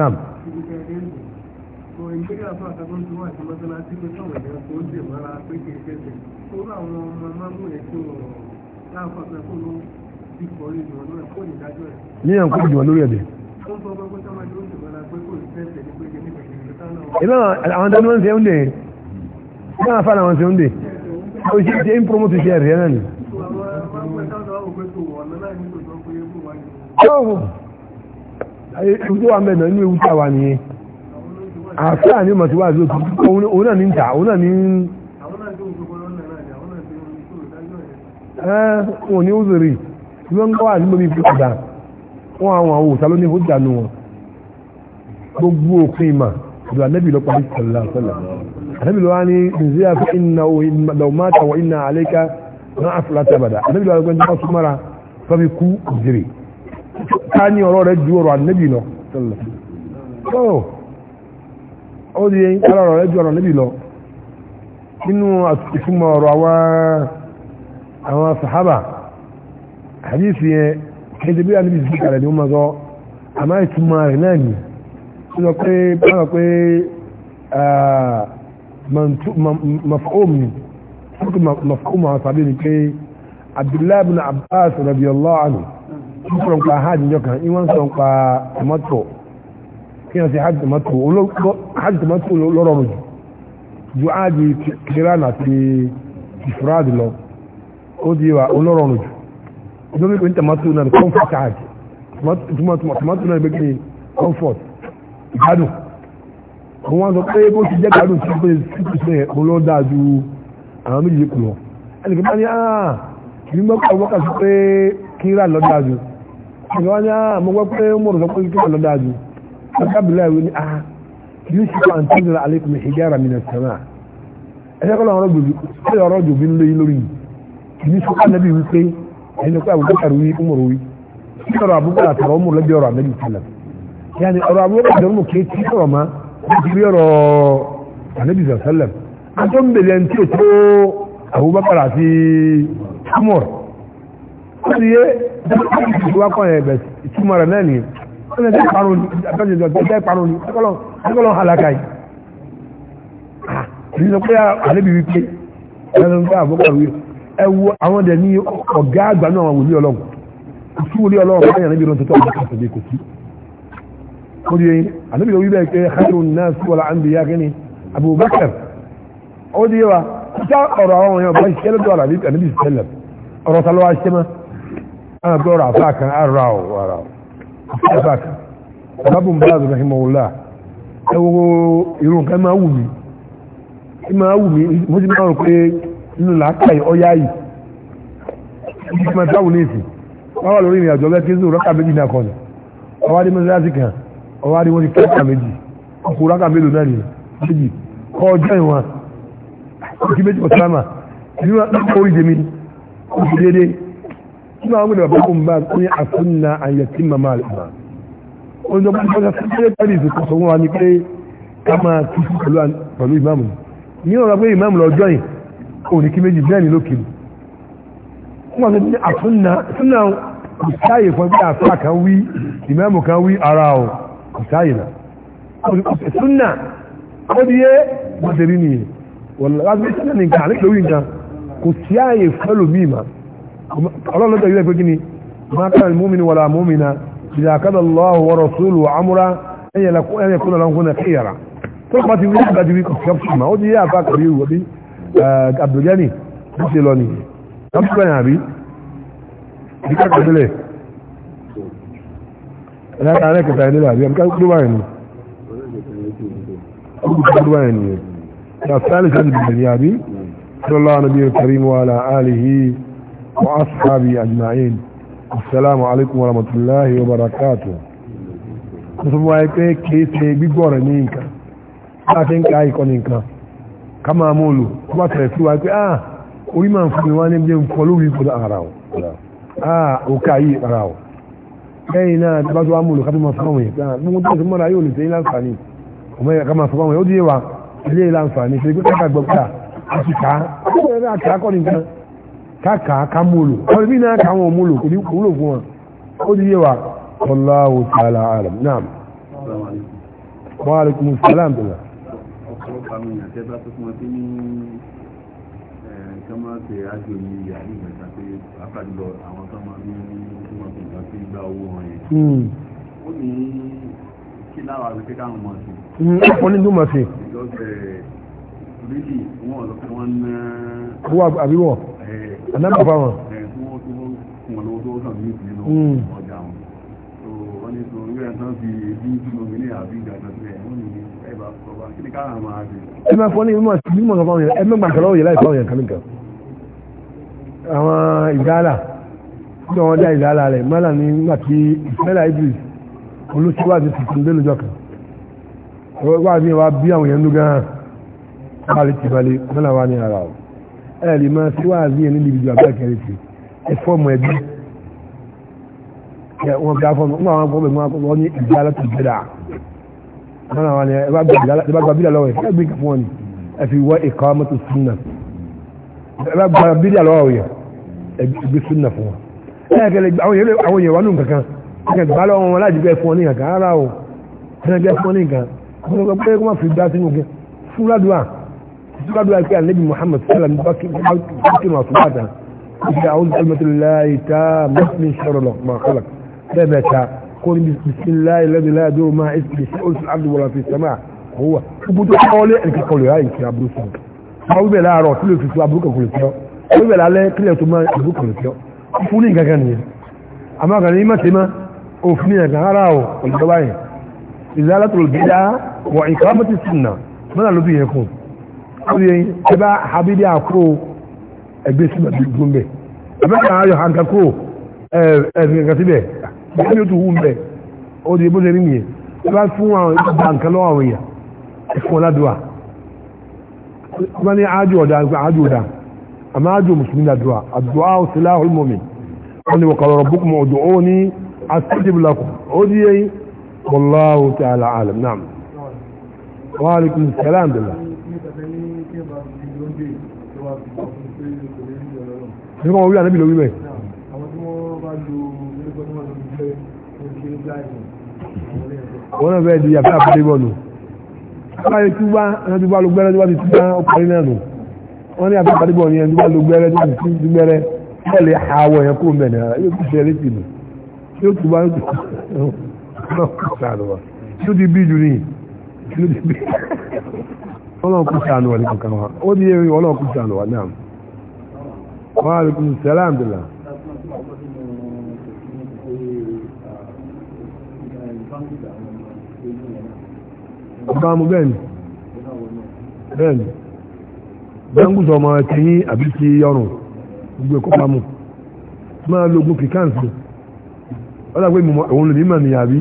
ní ẹ̀ ń kó ìjùmọ̀ lórí ẹ̀dẹ̀ ìlà àwọn tẹ́lẹ̀ wọ́n ṣe ń dè ní àfà àwọn ṣe ń dè ó ṣe ṣe ń promote ṣe ẹ̀rẹ́ náà ni ìwúdó wa mẹ́rin ní ìwúdó wa nìyẹn àfíà ní mọ̀tíwá àti òun náà ní ń tà òun náà ní ń ẹ́ wọ́n ní ó zèrè tí wọ́n ń gbọ́ àdúgbò bíi fún ọ̀dà wọ́n àwọn àwọn òòtà lónìí ó dànù wọn gbogbo òfin ìmà ìlú anẹ́bì lọ parí sọ̀lá sọ̀lá anẹ́bì lọ wá ní nìzíyà fún iná lọ́mọ́ta wọ iná àlékà náà àfúlátà bàdà anẹ́bì lọ wá ní ọ̀sùn mara tọ́bi kú òjèrè ká ní ọ̀rọ̀ rẹ̀ ju ọ̀rọ̀ anẹ́bì lọ sọ̀lá oh, ó di eyín ká ọ̀rọ̀ rẹ̀ ju ọ̀rọ̀ anẹ́bì lọ nínú ìfúnmọ̀ ọ̀rọ̀ àwọn sàhábà hadith yẹn ẹjẹ bí alibi sí kalẹ̀ ni ó ma sọ àmá ìtumọ̀ rẹ̀ náà ni ó sọ pé báwọn pé maf'um ni sókè maf'um àwọn sàbí ni pé abdullahi bin abbas radiyallahu anhu ń sọ̀rọ̀ nípa hajj njọ́ kan ìwọ́n sọ̀rọ̀ nípa tomato kí wọ́n ti hajj tomato hajj tomato lọ́rọ̀ rẹ̀ ju hajj kiran àti ifrad lọ ó di wa olórọ̀rùn jù ìjọba ìpè ní tamato náà comfort card tamato náà ìpè ní comfort ìgbádùn àwọn wọn sọ pé bó ti jẹ́ gbádùn tí ó pé sípò sí mo lọ́ọ́ dáa ju àwọn méjì kù lọ ẹnì kan bá ní àà ah, ìbí mọ́ pé wọ́n kà sí pé kíra lọ́ dáa ju ẹnì kan bá ní àà ah, mo gbọ́ pé ó mọ̀rọ̀ sọ pé kíra lọ́ dáa ju akábìlá ìwé ni àà ah, yóò ṣe kó àǹtí nira aleikum hijara minas sama ẹ̀ṣẹ́ kọ́ lọ́rọ̀ jòbí lórí lórí ìbí sọ́kà nẹ́bí wípé ẹni pé abubakar wí umaru wí kí ọ̀rọ̀ abubakar àtàrà umaru lọ́jọ́ ọ̀rọ̀ amẹ́lì sálẹ̀ yàni ọ̀rọ̀ abubakar àtàrà umaru kéé tí ọ̀rọ̀ ma ti rí ọ̀rọ̀ amẹ́lì sálẹ̀ àtọ́ ń bèèrè ẹni tí ó tó abubakar àti umaru ó ti yé ìwà kan yẹn bẹ̀ ìtumọ̀ rẹ̀ náà nìyẹn ó lè dẹ́ ìparun ni ẹgbẹ́ ìparun ni ẹgbẹ́ ìparun ni ẹgbẹ́ ẹwọ àwọn dẹ̀ ní ọ̀gá àgbà náà àwọn wòlíì ọlọ́run kò sí wòlíì ọlọ́run báyà níbi ìrántí tó àwọn kàtàbí kò sí. mo di yẹn ànábì lórí bẹ́ẹ̀ pé khairun nas wal anbiya kí ni abubakar ó di wa kúta ọ̀rọ̀ àwọn ọ̀yàn bá ṣiṣẹ́ lọ́dọ̀ àlàbí ànábì sẹ́lẹ̀ ọ̀rọ̀ ta ló wá ṣe mọ́ àwọn àgbẹ̀ ọ̀rọ̀ àfa kan ara ọ̀ nínú làákàyè ọ̀yá yìí ibi tí ma táwọn ní ìsìn wọ́n wà lórí ìrìn àjọ bẹ́ẹ̀ kí n sọ rákà méjì náà kọ́ni ọwá dé mọ́sálásí kan ọwá dé wọ́n ti kẹ́kà méjì ọkùn rákà mélòó náà nìyẹn méjì kọ́ ọjọ́ ìwọ̀n kí méjì ọ̀sán àmà ìlú náà orí jẹ́mi kò sí déédéé kí máa ń gbé bàbá kò ń bá ni pé ká máa tútù pẹ̀lú ìmáàmù ní ọ̀rọ̀ pé ìmáàmù lọ́jọ́ yìí òní kí méjì bẹ́ẹ̀ ni lókè ní wọ́n ti ní àtúnnà súnà kò sáyè fún ẹgbẹ́ àfà kan wí ìmáàmù kan wí ara ọ̀ kò sáyè náà súnà ó di yé gbọ́dẹ̀rí ni wọ́n láti fi súnà nìkan àlẹ́ lórí nǹkan kò sí àyè fẹ́lò míì mà ọlọ́run lọ́jọ́ ìwé pé kí ni máa kára mọ́mìnì wàlà mọ́mìnà ìdá àkádà lọ́wọ́ wọ́rọ̀ sólù àmúra ẹ̀yẹ̀ kúnlẹ̀ lọ́kùnrin kéyàrá tó bá abdulgani bí ṣe lọ nìyẹn lọ́pọ̀ yẹn àbí ìdíkà kọ̀dílẹ̀ ẹ̀dáka alẹ́ kẹta ẹ̀dẹ́ làbí ẹ̀mí káàkiri wà yẹn káàkiri wà yẹn nìyẹn ya sáàlì sáàlì bìbìrì àbí sallallahu alaihi wa sallam wa ala alihi wa ashabi ajma'in assalamu alaikum wa rahmatullahi wa barakatuh mo sọ fún wa pé kìí ṣe gbígbọ́ rẹ̀ ní nǹkan láti ń ká máa mú olù kó bá tẹ̀lé sí wa pé ah orí máa ń fún mi wá ní bí n kọ lórí kó dá ara o ah òkà yìí ara o lẹ́yìn náà tí bá tó wá mú olù ká tó máa fáwọn yẹn ah gbogbo tó ti mọ́ra yóò lè tẹ́yìn láǹfààní ọmọ yẹn ká máa fáwọn yẹn ó dìé wa ilé láǹfààní ṣe pé káàkà gbọ́ pé àti ah, ah, ká káàkà kọ́ nìkan káàkà ká mú olù kọ́ bí náà ká wọn mú olù kò ní wúlò fún wọn ó dìé wa wallahu ta'ala alam naam wa alaikum salaam àwọn èèyàn tẹ́ bá tó fún wọn tí ní kán máa ṣe ájò ní ìyá ní ìgbẹ̀ta pé pàápàájùlọ àwọn kan máa ní kí wọ́n fi nǹkan sí gba owó wọn yẹn. Hmm. ó ní kí láwa rí pé káwọn mọ̀ sí. Hmm, wọ́n ní tó mọ̀ sí. ìjọsẹ̀ rídì wọn lọ fún wọn ná. owó àbíwọ̀ ànábà bá wọn. fún wọn tó fún wọn lọ́wọ́ tó kàn ní ìpínlẹ̀ hmm. ọjà wọn. wọ́n ní sọ wíwẹ̀ náà fi ebi túnmọ̀ mi ní àbí ìgbà náà ẹ máa fọ́ ní mímọ̀ sí mímọ̀ kan fáwọn ẹ mẹ́gbà kan lọ́wọ́ yẹ láì fáwọn yẹn kan nìkan àwọn ìdáàlà tí wọ́n dá ìdáàlà rẹ̀ mọ́là ní nígbà tí ibris olùsíwájú ti tún délójọ́ kan wà ní wa bí àwọn yẹn ń dúgán ti balẹ̀ mọ́là wà ní ara o ẹ lè máa síwájú yẹn níbi ìjọ abẹ́rẹ́ ti ẹ fọ́ọ̀mù ẹbí lọ́nà wọn ni ẹ bá gba bídà lọ́wọ́ ẹ̀ ẹ gbé nǹkan fún wọn ni ẹ fi wọ́ ìkọ́ mọ́tò súnà ẹ bá gba bídà lọ́wọ́ ẹ̀ ẹ gbé súnà fún wọn. ẹ kẹlẹ àwọn èèyàn àwọn èèyàn wà nù kankan ẹ kẹlẹ gbà lọ́wọ́ wọn láti gbẹ fún ọ ní kankan ara o ẹ gbẹ fún ọ ní kankan wọn kọ pé kó má fi gbá sínú kẹ fúládùá fúládùá pé àlejò Muhammad sallam bá kí wọn fún bàtà ìgbà àwọn ìgbà mẹtẹlẹ láì tá mọ́tò ní sọ̀rọ̀ lọ كون بسم الله الذي لا يدور ما اسمه شيء في الارض ولا في السماء هو gbogbo ọlẹ́ ẹ̀kẹ́ kọlù yáà ìkẹ́ àbúrú sí ọmọ bíbẹ̀ láàárọ̀ kí lè fi fún àbúrú kọlù tí ọ ọmọ bíbẹ̀ lálẹ́ kí lè tó máa àbúrú kọlù tí ọ fún ní nǹkan nìyẹn àmọ́ ọ̀gá ní mọ̀tẹ́ mọ́ òfin ní ẹ̀kan ara ọ̀ ọ̀lọ́dọ́bá yẹn ìzálà tó lè dá wọ ìkọ́ mọ́tì sùnà mọ́nà ló bí yẹn kù ọdún yẹn ẹ bá habidi àkúrò ẹgbẹ́ síbẹ̀ gbọ́n bẹ̀ bẹ́ẹ̀ ni ó ti wú mbẹ́ ó di ebó lérí nìyẹn ẹ bá fún àwọn ìgbà nǹkan lọ́wọ́ àwọn èèyàn ẹ̀fún ọ̀làdùà wọ́n ní ájú ọ̀dà ájú ọ̀dà àmọ́ ájú mùsùlùmí làdùà àdùà òsìlá olùmọ̀mí wọ́n ní wọ̀kọ̀ ọ̀rọ̀ bókùnmọ̀ ọ̀dọ̀ ó ní wọ́n náà fẹ́ di àfẹ́ àfẹ́ bọ́ọ̀lù àbáyé tí wá ẹni tí wá ló gbẹ́rẹ́ tí wá ti tún náà ọkùnrin náà nù wọ́n ní àfẹ́ àfẹ́ bọ́ọ̀lù yẹn tí wá ló gbẹ́rẹ́ tí wá ti tún gbẹ́rẹ́ bẹ́ẹ̀ lè àwọ̀ yẹn kó mẹ́ náà yóò tún ṣe létí nù yóò tún wá yóò sànù wa yóò ti bí jù ní yóò ti bí ọlọ́run kú sànù wa ní kankan wa ó ọba mu bẹ́ẹ̀ni bẹ́ẹ̀ni gbẹ́ngùsọ ọmọ ẹ̀kẹ́yìn àbí ti ọrùn gbogbo ẹ̀kọ́ pamọ́ máa lo ogun kìkáǹsì ọ̀dà pé òun lè ní mà nìyà bí.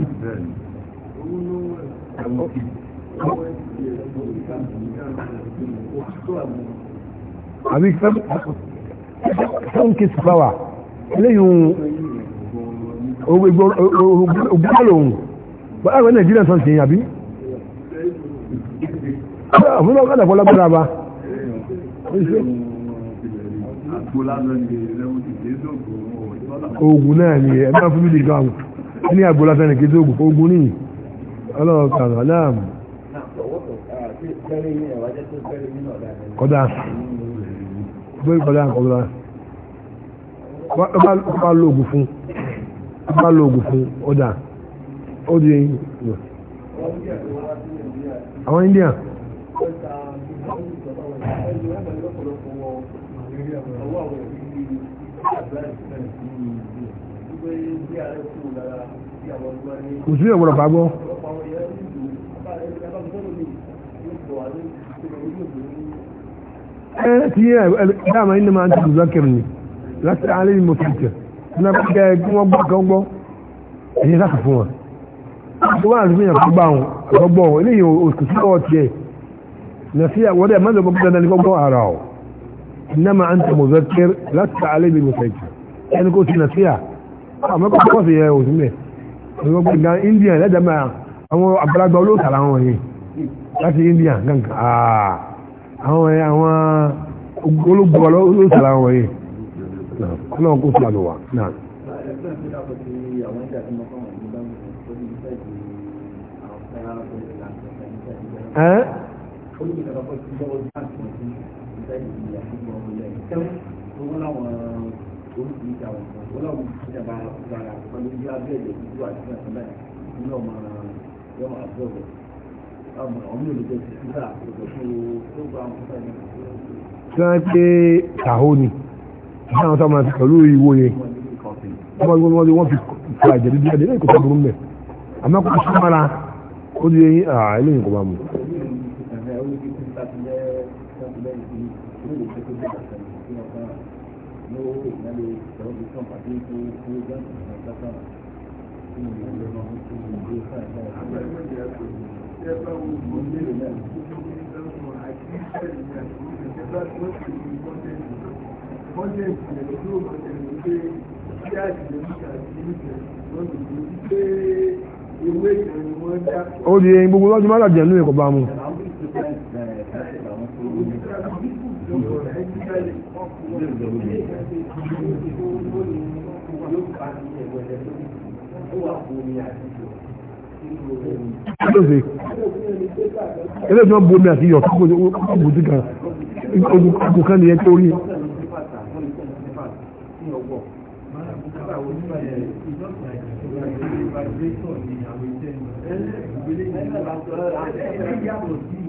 àbí seven kids flower eléyìí òun ògbólóhùn báwọn nàìjíríà sọ sí àbí àwọn ọ̀gá àdàpọ̀ lágbára bá ogun náà ni ẹ máa fún mídìí gáàmù ní àgbòlá fẹ́ nìkejì ogun ogun ní ọlọ́ọ̀kan aláàmù kọ́dá bẹ́ẹ̀ kọ́dá kọ́dá bá lóògùn fún ọdá ó di àwọn India kò sí ìwọ̀n ọ̀pá gbọ́ ẹ ti yẹ dáàmà inú máa ń tàbí lọ́kẹ̀rù ni láti alẹ́ ìmọ̀ fìtẹ̀ ní wọ́n gbọ́ kan gbọ́ ẹ̀yẹ́ láti fún wọn tó wà ní ìyàn tó gbà wọn ọgbọ eléyìí òkú sí ọwọ́ tiẹ̀ nàfi àwọn ẹ mọdọ gbọ́dọ̀ náà ní gbọgbọ ara ọ ìnáma à ń tẹ mọzẹkẹr láti ta alẹ mi mọsẹkì ẹni kò sí nàfi à àmọ́ kò kọ́ sí ẹ òsì mẹ ọgbọgbọ gan India lẹdẹ mẹ àwọn àgbàlagbà olóòtà làwọn yìí láti India gangan àwọn ẹ àwọn olóògbọ olóòtà làwọn yìí náà kó sí àlùwà náà. tí wọ́n pé tàhó ni náà tó máa ìwò yẹn wọ́n wọ́n wọ́n fi fa ìjẹ̀dídí ẹ̀dẹ́ ìkọ̀tà burú mẹ́ àmọ́ kò ó di ẹ̀yìn àìlẹ́yìn kò bá mu. abundance and the group and the way tí a ti lè níta sí lọ́dún tó ti pé ewé ìrìn wọn dá. ó di gbogbo lọ́dún máa dàjẹ́ lóye kò bá mu. Ilé ìjọba bomi àti iyọ̀ kan nìyẹn tó rí.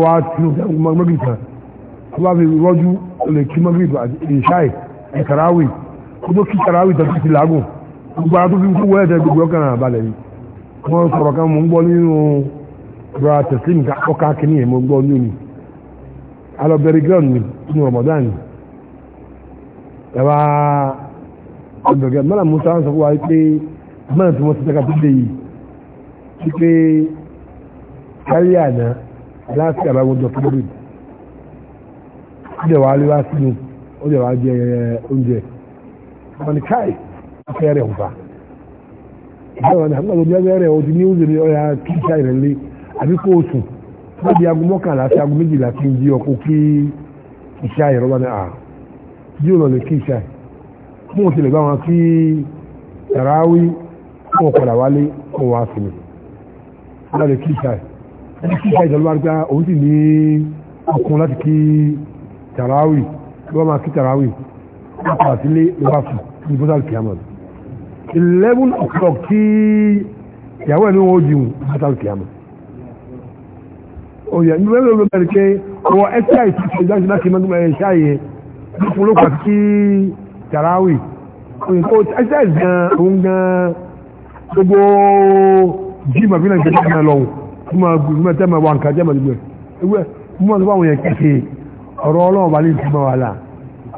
wọ́n á tún ọgbọ́n mọ́gìtà tó bá fi rọ́jú lè kí mọ́gìtà ìṣáì ìkàráwì tó tó kí kàráwì tó ti lágùn gbogbo ara tó fi kú wẹ́ẹ̀dẹ̀ gbogbo ọkàn àbálẹ̀ yìí wọ́n sọ̀rọ̀ kan mò ń gbọ́ nínú ra tẹ̀sí nǹkan ọkà kìíní yẹn mò ń gbọ́ nínú ni alọ́bẹ̀rẹ̀ gíràn ni nínú Ramadan ni yàrá ọ̀dọ̀gẹ̀ mọ́nà Musa ń sọ fún wa pé mọ́nà tí wọ́n ti tẹ́ka tó dé yìí sí pé kárí láti àbáwọjọ fúlórí ìjẹwà alẹ́wà sínú ó jẹ̀wà jẹ oúnjẹ wọn ni káì afẹ́rẹ́ ọ̀fà ìjọba ní àgbàdo ní ẹgbẹ́rẹ́ ọdún ní oúnjẹ ọ̀yà kí ká ìrẹ̀lẹ́ àbí kó oṣù tó di aago mọ́kànlá sí aago méjìlá kí n di ọkọ̀ kí ìṣá ìrọ̀bá ní àá bí ó lọlẹ̀ kí ìṣá mú òsèlè bá wọn kí tàràwí kó ọ̀kọ̀dà wálé kó wá sí mi lọlẹ̀ kí ìṣá ẹni tí ìjà ìjọba gba òun sì ní okun láti kí tàràwì tí wọ́n máa kí bá fún ní eleven o'clock tí ìyàwó ẹni wọn ó jìun bọ́sàlì kìámọ̀ òyà ní wẹ́rẹ́ ló bẹ̀rẹ̀ pé ọwọ́ ẹ̀ṣẹ́ àìsí ṣe dájú láti mẹ́gbẹ́ ẹ̀ṣẹ́ àyè ní fúnlọ́pàá kí tàràwì ẹ̀ṣẹ́ àìsí gan òun gan gbogbo jíìmọ̀ bí náà ń kuma gbùgbùn tẹ́ ma wà nǹkan jẹ́ màdùgbẹ́ ewé kuma tó bá wọn yẹ kéèké ọ̀rọ̀ ọlọ́wọ́ bá ní ìtumọ̀ wàhálà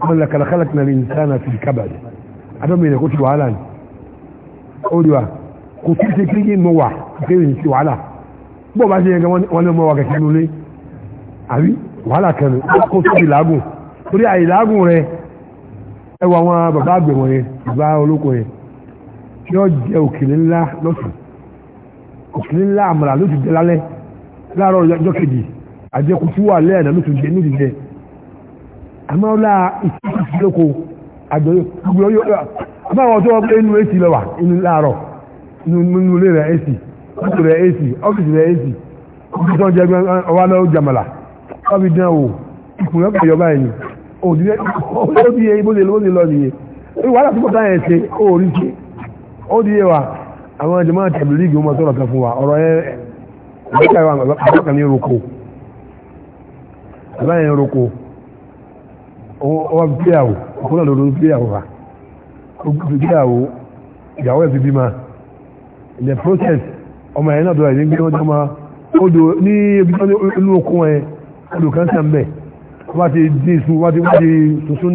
wọn lè kàlàkàlà kìnnà ní ìsáná fi kábàdì adọ́mọ̀ ilẹ̀ kó ti wàhálà ni ó di wa kò tí ṣe kí ní mo wà kéwì ní ti wàhálà bó bá ṣe yẹ wọn ní wà kẹ̀kẹ́ nulé òsìlẹ̀ ńlá àmàlà ló ti jẹ lálẹ́ láàárọ̀ ọjọ́ kejì lẹ́ẹ̀nà ló ti jẹ ní ìdíjẹ àmàlà ìsìnkú àbáwọn tó wọ́n pé inú ac lọ wà inú láàárọ̀ inú ilé rẹ̀ ac mọ́tò rẹ̀ ac ọ́fíìsì tó ń jẹ jàmàlà o ìkùnrin ìyọba ó di lọ nìyẹn wàhálà tó àwọn jama'a tabiligi wọn sọ́rọ̀ kan fún wa ọ̀rọ̀ yẹn àbákàrí wọn àbákà ní roko àbáyẹn roko ọwọ́ píyàwó ọkùnrin lọ́dún píyàwó wa píyàwó ìyàwó ẹ̀ fi bí ma in the process ọmọ ẹ̀yìn náà dọ̀rọ̀ ìdí gbé wọn jọ ma odò ní ibi tó ní inú okun ẹ̀ odò kan sàn bẹ̀ wọ́n ti dín sun wọ́n ti wọ́n ti sunsun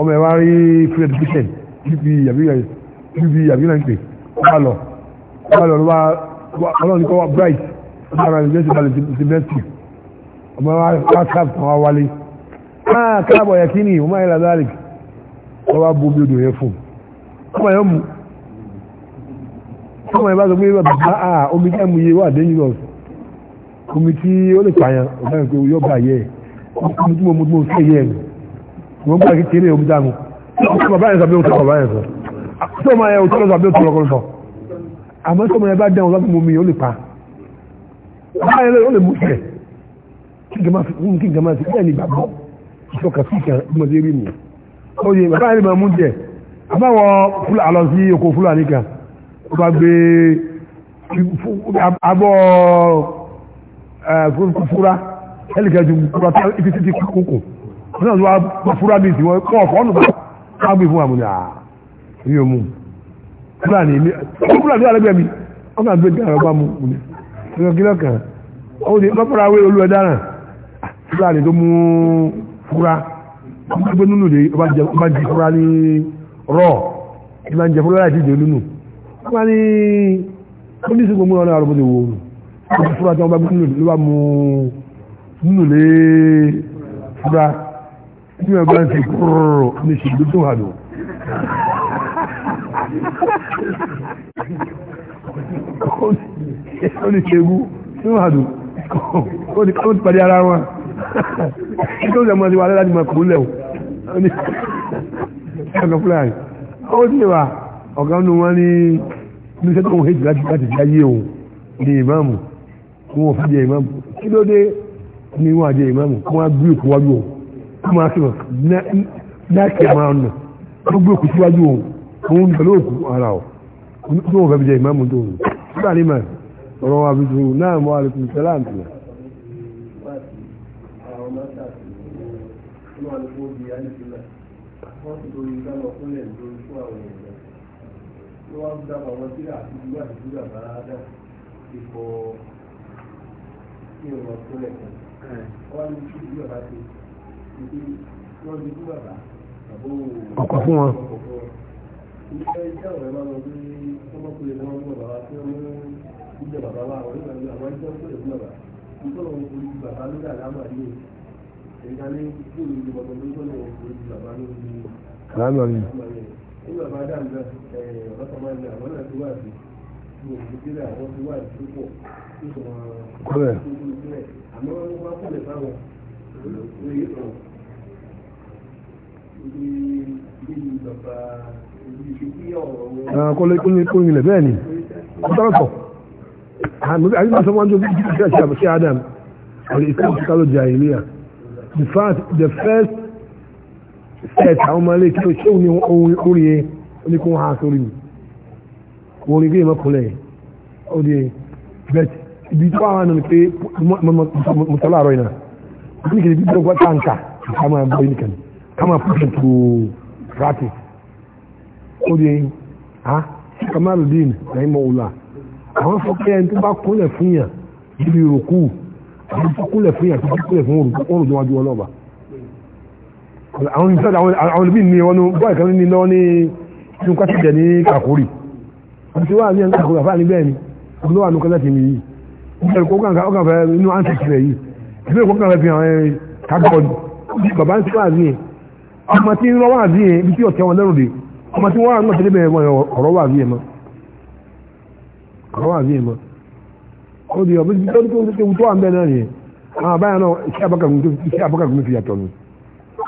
ọmọ ẹ̀ wá rí free education bp àbílẹ̀ ń pè ọba lọ ọba lọ lọ́wọ́ ọlọ́run ní kọ́ wá bright ọba rẹ̀ lẹ́sìn balẹ̀ ti bẹ́ẹ̀sì ọmọ ẹ̀ wá káàpù kan wá wálé máa káàbù ọ̀yà kí ni ọmọ ẹ̀ lazaric wọ́n wá bó bí odò yẹn fún ọmọ ẹ̀ mú ọmọ ẹ̀ bá sọ pé bàbá omi jẹ́ mu iye wà dangerous omi tí ó lè pààyàn ọ̀gá ìpè yọ̀ọ̀bà yẹ omi tí mo mú tí mo fẹ́ yẹ ẹ̀ wọ́n gbà kí kéré omi dáhùn ọkọ̀ bàbá yẹn sọ bí ó tọ́ bàbá yẹn sọ tí ọmọ yẹn òtọ́ lọ́sọ bí ó tọ́ lọ́kọ́ sọ àmọ́ tí ọmọ yẹn bá dáhùn lọ́sọ mú mi ó ni gbàgbọ́ ìṣọ́kà sí ìkà ọmọdé rí mi ó yẹ bàbá yẹn lè máa mú jẹ àbáwọ̀ àlọ́ sí oko wọ́n náà wá gbàfúrá ní ìsìnwọ́n kọ́ ọ̀kọ́ ọ̀nà bá gbé fún àmúlẹ̀ àrí omu fúlàní ilé fúlàní alẹ́gbẹ̀ mi wọ́n kàn gbé gàrọ̀ bá mu ní ọjọ́ kílọ̀ kan ó ní lọ́pọ̀ra wé olú ẹ̀dá náà ah, fúlàní tó mú fúra wọ́n gbé nínú rẹ̀ ọba jẹ fúra ní rọ̀ ìbá jẹ fúra láti jẹ nínú wọ́n ní oníṣe gbogbo ọ̀nà àrùbọ̀dé wo fúra tí wọ́n bá gbé nínú rẹ̀ ló bá mú nínú rẹ̀ fúra tí wọ́n bá ń ṣe kúrò ní ṣèlú tó hàdù ó ní ṣègú tó hàdù ó ní kọ́ pàdé ara wọn tó ń lẹ́mọ́ sí wa láti máa kò ń lẹ́wọ̀ ó ní ṣàkà fúlàní ó ti wà ọ̀gá nù wọn ní iléeṣẹ́ tó ń hejì láti láti fi ayé òun ní ìmáàmù wọn ò fi jẹ ìmáàmù kí ló dé ní wọn àjẹ ìmáàmù kí wọn á gbé òkú wájú òun kuma sí wọn láàkì àmà ọ̀nà tó gbé òkú síwájú òun òun pẹ̀lú òkú ara ọ̀ tó wọ́n fẹ́ bí jẹ ìmáàmù tó òun nígbà ní mà ọ̀rọ̀ wa bí dùn náà mọ́ àlùkù ìṣẹ́lá àǹtìyà. Ìfọ̀ kí o lọ kólẹ̀ Wọ́n á ní ìlú ọ̀bá ti ọkọ̀ fún wọn. Kàlámà ni. Nígbà bá ọ̀rọ̀ máa ń àwọn sí kólé ilẹ̀ bẹ́ẹ̀ ni ọ̀tọ́rọ̀tọ̀ àyíká sọ wọ́n tó bí i ṣe àṣà adam ọ̀rẹ́ ìkọ́ ìṣẹ́kálò jàìlíà in fact the first set àwọn ọmọ ilé kílò ṣé òní orí ẹ oníkún ha sórí mi wọ́n rí gbé mọ́kúnlẹ̀ ó di bet ibi tó àwọn ànà ni pé mọ́tọ́lá àrọ̀ ìnáà wani ke bi dogwa tanka kama boy kan kama putin to practice o de ha Kamaluddin rahimahullah àwọn fọkẹ ẹni tó bá kúnlẹ̀ fún yàn níbi ìròkú àwọn tó kúnlẹ̀ fún yàn tó bá kúnlẹ̀ fún òrùn tó wájú ọlọ́ba àwọn ìfẹ́ àwọn olùbí ní wọn bọ́ ìkan ní lọ ní inú kásìtẹ̀ ní kàkórì wọ́n ti wá ní ẹni kàkórì àfáà ní bẹ́ẹ̀ ni olówó ànúkọ́ láti mi yìí ó kàn fẹ́ inú àǹtẹ̀kì rẹ̀ yìí ìlú èkó kan fi hàn ẹ́ eh, kágbọ́n bàbá ń sọ wà ní ẹ̀ ọmọ tí ń rọ wà ní ẹ̀ ibi tí ọ̀tẹ̀ wọn lẹ́rù dé ọmọ tí wọ́n wà náà tẹ́lẹ̀ bẹ̀rẹ̀ wọn ọ̀rọ̀ wà ní ẹ̀ mọ́ ọ̀rọ̀ wà ní ẹ̀ mọ́ ó di ọ̀bí tó ń tó ń tó wà ń bẹ̀ náà nìyẹn àwọn àbáyà náà iṣẹ́ abọ́kàgùn tó iṣẹ́ abọ́kàgùn fi yàtọ̀ ni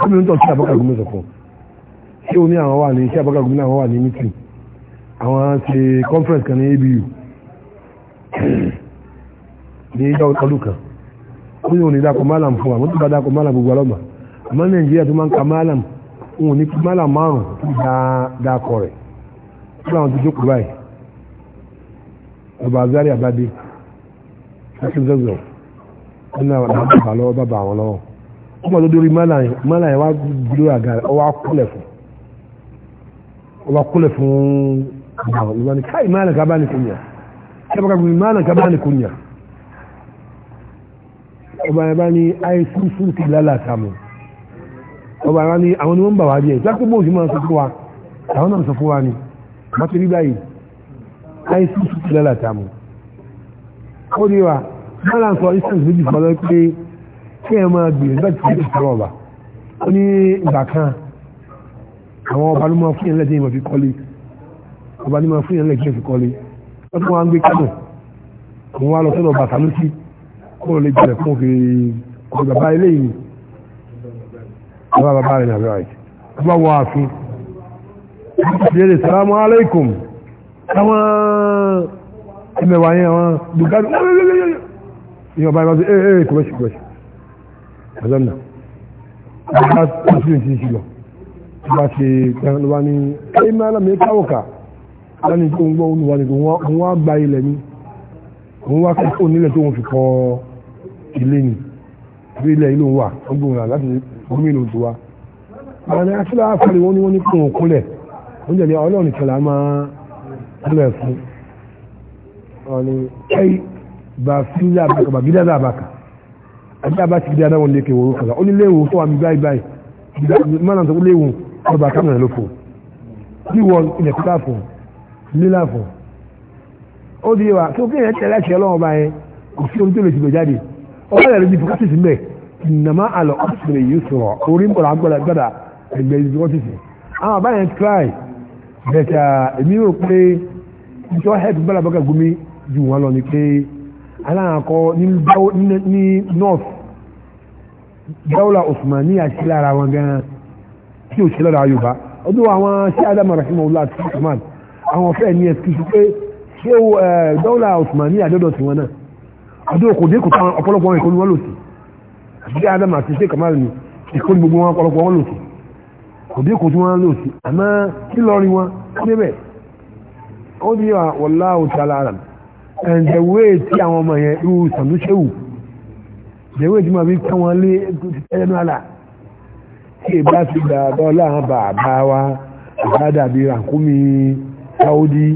ọmọ mi ń iṣẹ́ abọ́kàgùn sọ fún ṣé o ní àwọn wà ní iṣẹ́ abọ́kàgùn náà wà ní mítìn àwọn ṣe conference kan ní abu ní ọdún kan kúrò òní dákọ̀ málàm fún wa wọ́n tó bá dákọ̀ málàm gbogbo ọlọ́gbà àmọ́ nàìjíríà tó máa ń ka málàm òun ní málàm márùn tó dákọ̀ rẹ̀ tó láwọn tó jókòó báyìí ọba azari abade akínzọ́zọ́ ọ̀nà àbàbà lọ́wọ́ bàbà àwọn lọ́wọ́ ó mọ̀ tó dórí málàm yẹn wá dúró àga ọwá kúlẹ̀ fún ọwá kúlẹ̀ fún àwọn ìwà ní káì málàm kábàánì kúnyà ẹ ọba yẹn bá ní àìsí fúrúkì lálàtà mọ̀ ọba yẹn bá ní àwọn ni wọ́n ń bà bóòsì máa sọ fún wa àwọn náà sọ fún wa ni wọ́n ti rí báyìí àìsí fúrúkì lálàtà mọ̀ ó ní wa wọ́n là ń sọ instance méjì fún ọlọ́ pé kí ẹ máa gbìyànjú láti fi ìṣòro ọba ó ní ìgbà kan àwọn ọba ló máa fún yẹn lẹ́jẹ̀ ìmọ̀ fi kọ́lé ọba ló máa fún yẹn lẹ́jẹ̀ ìmọ̀ fi kọ́lé wọ́n kó lè jẹ fún fi kò bàbá ilé yìí bàbá bàbá rẹ̀ nàbẹ̀ àìsí bàbá wọ àfin ìbéèrè sàlámù aláìkùm àwọn ẹmẹ̀wà yẹn àwọn dùgbàdù ìyọ̀ báyìí wọ́n sọ ee ee kọ̀wẹ́sì kọ̀wẹ́sì àzọ́nà bàbá sọ́sìn ti ṣùlọ̀ bá ṣe tẹ́lẹ̀ wá ní ẹ̀yìn máa lámì káwọ̀ká lẹ́ni tó ń gbọ́ olùwà nìkan wọ́n wá gba ilẹ̀ ní òun wá kẹ́kọ̀ọ́ nílẹ̀ tó ń fi kọ́ ọ́ ilé ni bí ilé ìlú wà ọgbọ̀n rà láti gómìnà tó wá àwọn asílá afẹ́lẹ̀ wọ́n ní wọ́n ní kún òkúnlẹ̀ oúnjẹ ni ọlọ́run kẹlà máa kúnlẹ̀ fún ọ̀nì kẹ́ì bá sílẹ̀ àbákà bá bídá àbákà àbí àbá ti bídá wọn lékè wọ́n kọlá ó ní léwu fún àmì báyìí báyìí mọ́nà tó léwu ọba kámẹ́rẹ́ ló fò bí wọ́n ilẹ̀ kúta fún lílà fún ó di wa tó kéèyàn tẹ̀lé ẹ̀ṣẹ̀ ọlọ́run báyẹn kò sí ohun tó lè ti bẹ̀ jáde ọ̀rọ̀ yẹn di fukasi sí mbẹ́ ìnàmá àlọ́ ọ̀sìn yìí sọ̀rọ̀ orí mbọ̀lá gbọ́dá gbọ́dá ẹgbẹ́ yìí fukasi sí àwọn àbáyé ń try bẹ̀tà uh, èmi rò pé ìjọ head bọ́lá bọ́gà gómi ju wọn lọ ni pé aláǹkọ ní north dawla osmani sí lára wọn gan tí ò sí lára yorùbá ọdún àwọn sí adam rahimahullah àti usman àwọn fẹ́ẹ̀ ní ẹ̀sìkì sí pé ṣé uh, dawla osmaniya dọ́dọ̀ sí náà àdó òkòdé kò tán ọ̀pọ̀lọpọ̀ wọn ìkọlù wọn lòsì àti adam àti ṣe kamal ni ìkọlù gbogbo wọn ọ̀pọ̀lọpọ̀ wọn lòsì òdé kò tún wọn lòsì àmọ́ kí lọrin wọn débẹ̀ ó di wa wallahu ta'ala alam and the way tí àwọn ọmọ yẹn irú sàndúṣẹ́wù the way tí ma fi kán wọn lé ẹlẹ́nu àlà tí ìbá ti gbà bọ́ọ̀lá àwọn bàbá wa bàbá dàbí àkúmi sáwọ́dí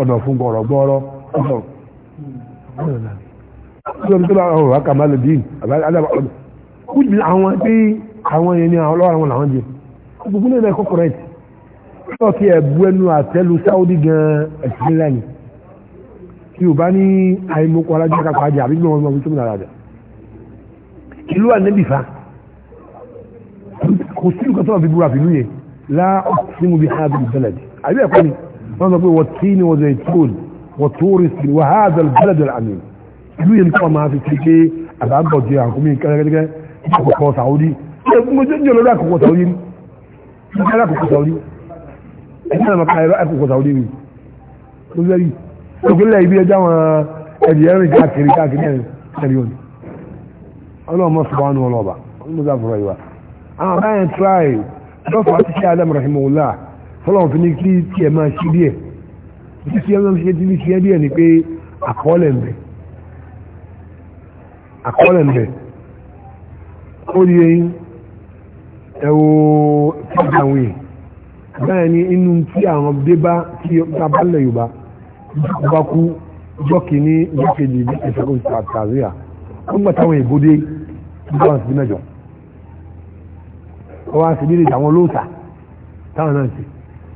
ọ̀dọ̀ fún gbọ̀rọ̀gbọ̀rọ̀ ọ̀dọ̀ lórí tó bá wọn wà kà má lè dín àbájáde kújì àwọn tí àwọn yẹn ní àwọn ọlọ́wọ́ àwọn làwọn jẹ gbogbo náà ẹ̀kọ́ correct tọ́kì ẹ̀bú ẹnu àtẹ́lu sáúdí gan ẹ̀sìn lẹ́yìn tí ò bá ní àìmọ́kọ́ alájọ́ kápá ajá àbí gbọ́n ọmọ tó ń dára jà ìlú ànẹ́bì fa kò sí ìlú kan tó wà fi búra fìlú yẹn lá sí mu bí hábì bẹ́lẹ̀dì àbí ẹ̀kọ́ ni wọ́n sọ pé wọ́n tí ni wọ́n zẹ̀ tí wọ́n tó sí wàhálà bẹ́lẹ̀dì ìlú yẹn kọ́ máa fi ti pé àbábọ̀dé àkómi kẹ́kẹ́kẹ́ àkọ́kọ́ sàódì ṣé mo jẹ́ jẹ́ lórí àkọ́kọ́ sàódì ní ẹ̀rọ àkọ́kọ́ sàódì ẹ̀yìn náà máa ẹ̀rọ àkọ́kọ́ sàódì rí ló fẹ́ rí òkèlè ibi ẹjọ́ àwọn ẹ̀dì ẹ̀rìn káàkiri káàkiri ẹ̀rìn òní ọlọ́mọ sọ̀bánu ọlọ́ọ̀bà ọlọ́mọdé àfọ̀rọ̀ ìwà àwọn báyẹn tíráì lọ́fọ̀ àti ṣe adam rahimahullah fọlọ́n fi ní kí tiẹ̀ máa ṣí díẹ̀ kí tiẹ̀ máa ṣe díẹ̀ ni pé àkọọ́lẹ̀ ń bẹ̀ àkọọ́lẹ̀ ńbẹ̀ ó di eyín ẹ̀wò fúnjà àwọn yìí bẹ́ẹ̀ ni inú tí àwọn débá tí a bá lẹ̀ yorùbá bá kú jọ́kì ní jọ́kèjì ní ìṣẹ́gun tàzíà wọ́n gbà táwọn ìbòdé bá wọn sí mẹ́jọ wọ́n á sì nílé àwọn olóòtà táwọn náà ti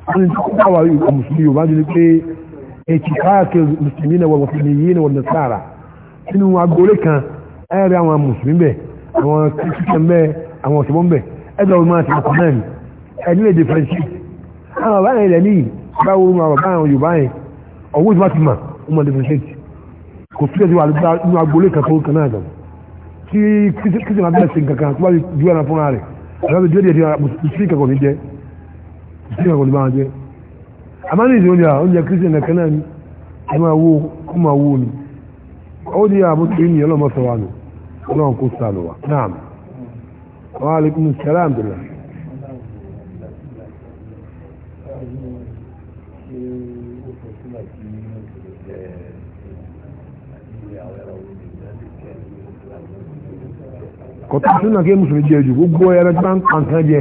wọ́n ni tó bá wà mùsùlùmí yorùbá jù pé ètì káàkiri mùsùlùmí náà wọ̀ mùsùlùmí yìí náà wọ̀ nàṣàrà nínú agboolé kan ẹ rí àwọn mùsùlùmí bẹ àwọn kristian bẹ àwọn ọ̀ṣọ́gbọ́n bẹ ẹ jọ wọn máa ti kọ̀ náà ni ẹ nílẹ̀ dìfẹ̀nsì àwọn bàbá yẹn lẹ́ni báwo ni àwọn bàbá àwọn yorùbá yẹn ọwọ́ ìjọba ti mà ó mọ dìfẹ̀nsì kò sí ẹ̀sìn wà ní jẹ́ mùsùlùmí kankan ní máa náà ni ẹ máa wo ó máa ní ọlọ́mọ nù ọlọ́run kò sànù wa naam wa alaikum salaam billah. kọ̀tà súnà kí mùsùlùmí jẹ jù gbogbo ẹran tí wọ́n pa nǹkan jẹ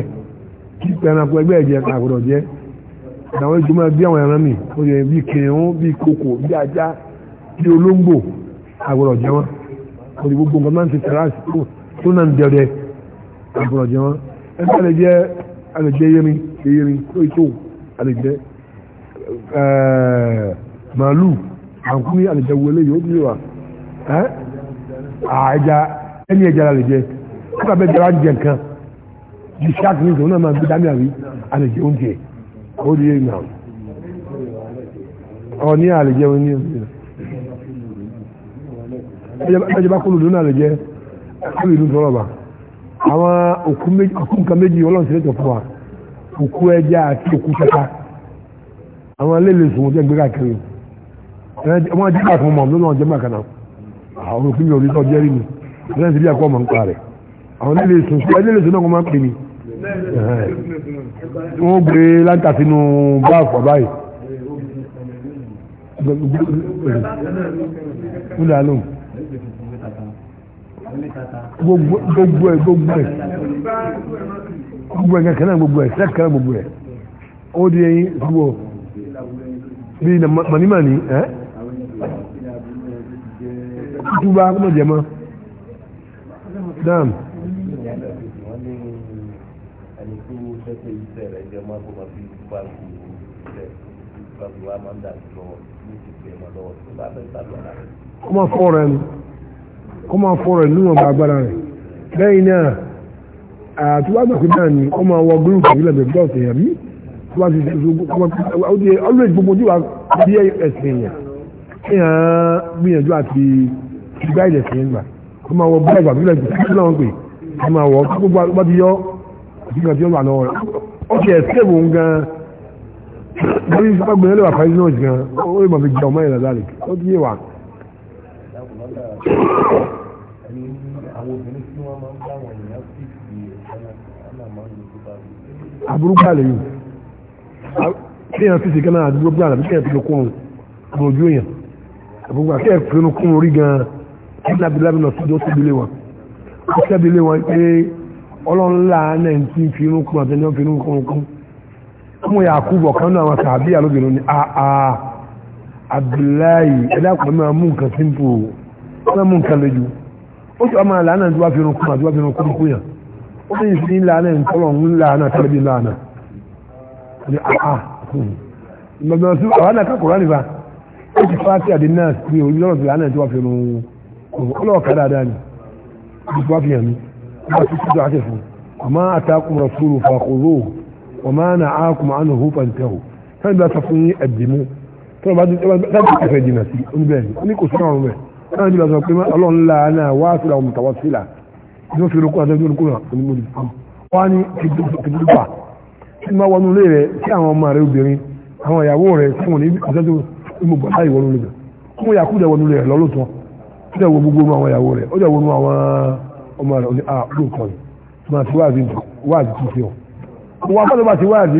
kí ẹranko ẹgbẹ́ ẹ̀jẹ̀ àgbọ̀dọ̀ jẹ àwọn ìjọba bí àwọn ẹran mi ó yẹ bí kìnìún bí kòkò bí ajá bí olóńgbò àgbọ̀dọ̀ jẹ wọn kòrí gbogbo nǹkan máa ń ti tẹ̀láàsì tó náà ń dẹ̀rẹ̀ àbúrò jẹ́ wọn ẹgbẹ́ àlejẹ́ àlejẹ́ yẹmi yẹmi tó ètò àlejẹ́ màálù àǹkúrí àlejẹ́ wọlé yóò bí wà ẹja ẹni ẹja àlejẹ́ nígbà bẹ́ẹ̀ jẹ́ra jẹ nǹkan bí shark ní ìṣòro náà máa ń gbé dání àrí àlejẹ́ oúnjẹ ó di yé nà ọ ní àlejẹ́ wọn ní ọ̀sẹ̀ ẹjẹ bá kúrò lónà rẹ jẹ ẹkọ ìlú tọrọ bá àwọn òkú nǹkan méjì ọlọ́run sílẹ̀ tó fún wa òkú ẹja àti òkú tẹta àwọn eléyìí sùn jẹ́ gbé káàkiri wọ́n jẹ́ bá fún ọmọ lónà ọjọ́ bá kanáà àwọn òkú mi ò rí tọ́ jẹ́rìí mi ẹ̀rẹ́ ti bí àkọ́ ọmọ nǹkan rẹ̀ àwọn eléyìí sùn eléyìí sùn náà wọ́n máa ń pè mí wọ́n gbé láńtà sínú báàfù ọ̀báyìí. Kúlẹ̀ alóhùn gbogbo ẹ gbogbo ẹ gbogbo ẹ kankan náà gbogbo ẹ sẹ́ẹ̀kì kan gbogbo ẹ ó di ẹyin gbogbo bíi na mànímàní ẹ tuba kọ́mọ̀ jẹ dam. ọmọ fọ́ọ̀rọ̀ ẹnu kọ́ máa fọ́ rẹ̀ níwọ̀n bá agbára rẹ̀ lẹ́yìn náà àtúwádàkùn náà ni kọ́ máa wọ gúrùpù ìlẹ̀ bẹ̀rẹ̀ ọ̀sẹ̀ yẹn bí tó bá ti ṣe ọlọ́rẹ̀ gbogbo ojú wa bí ẹ̀sìn èèyàn èèyàn gbìyànjú àti ìgbà ìdẹ̀sìn yẹn gbà kọ́ máa wọ báyìí gbàgbé lẹ́gbẹ̀ẹ́ kí lọ́wọ́ pè kọ́ máa wọ gbogbo bá ti yọ ìgbìyànjú wà lọ́wọ́ rẹ̀ ó ti ẹ̀sìn èèwò gan lórí ìfipá gbẹ̀rẹ̀ lẹ́wà pàṣẹ náà gan ó lè mọ̀ fi jẹun mọ́ ìlàdálẹ̀ ẹni àwọn obìnrin tí wọ́n máa ń bá wọn ènìyàn sí ìfì ẹ̀nà máa ń lò tó bá rí. àbúrúkú àlè yìí kéèyàn ti ṣe gánà àdúgbò gbà àbí kéèyàn ti lè kún ọ̀run ojú èèyàn àbúrúkú àti ẹ̀kúnú kún orí gan-an ẹ̀dí lábílábí lọ síjọ́ síbi ilé wọn ó sẹ́bi ilé wọn pé ọlọ́nlá náà ti fi inú kún àtẹnudọ́ fi inú kún kún ọmọ yàkúbọ̀ kan náà wọn sàbí àlóbìnrin ni àà ah, ah, Abdullahi ẹ̀dá kan náà mú nǹkan símpù o wọ́n mú nǹkan lójú ó sì ọmọ àlànà tí wọ́n fi rún kún àti wọ́n fi rún kún kún yàn ó sì ń fi ńlànà ìtọ́lọ̀ ńlànà tàbí ńlànà ní àá ah, ah, ìgbàgbọ́n sí àwọn àkà kò ránìfà ó ti fà á àdé náà sí orí lọ́rọ̀ sí àlànà tí wọ́n fi rún kún ó lọ́wọ́ kádà dáa ni ó ti wá fi hàn mí wọ́n tún àṣẹ fún ọmọ àtàkùn rasulu fàkóró ọmọ àna àkùn àna hó pàǹtẹ́hù sáyẹn bá sọ fún ẹ̀dìmú tó náà ní bàtà pé ọlọ́run là á náà wá sílà òmùtà wá sílà tí wọ́n fi rúkú àti ọjọ́ rúkú náà ní mo lè fún wá ní kìdúgbà tí wọ́n wọnú ilé rẹ̀ tí àwọn ọmọ rẹ̀ obìnrin àwọn ìyàwó rẹ̀ tí wọ́n ní àtẹ́tò ìmọ̀ bọ̀ láì wọnú ilé fún ìyàkú dẹ̀ wọnú ilé rẹ̀ lọ́lọ́tọ̀ ó dẹ̀ wọ gbogbo àwọn ìyàwó rẹ̀ ó dẹ̀ wọnú àwọn ọmọ rẹ̀ ó ní à ah, ti wáàzì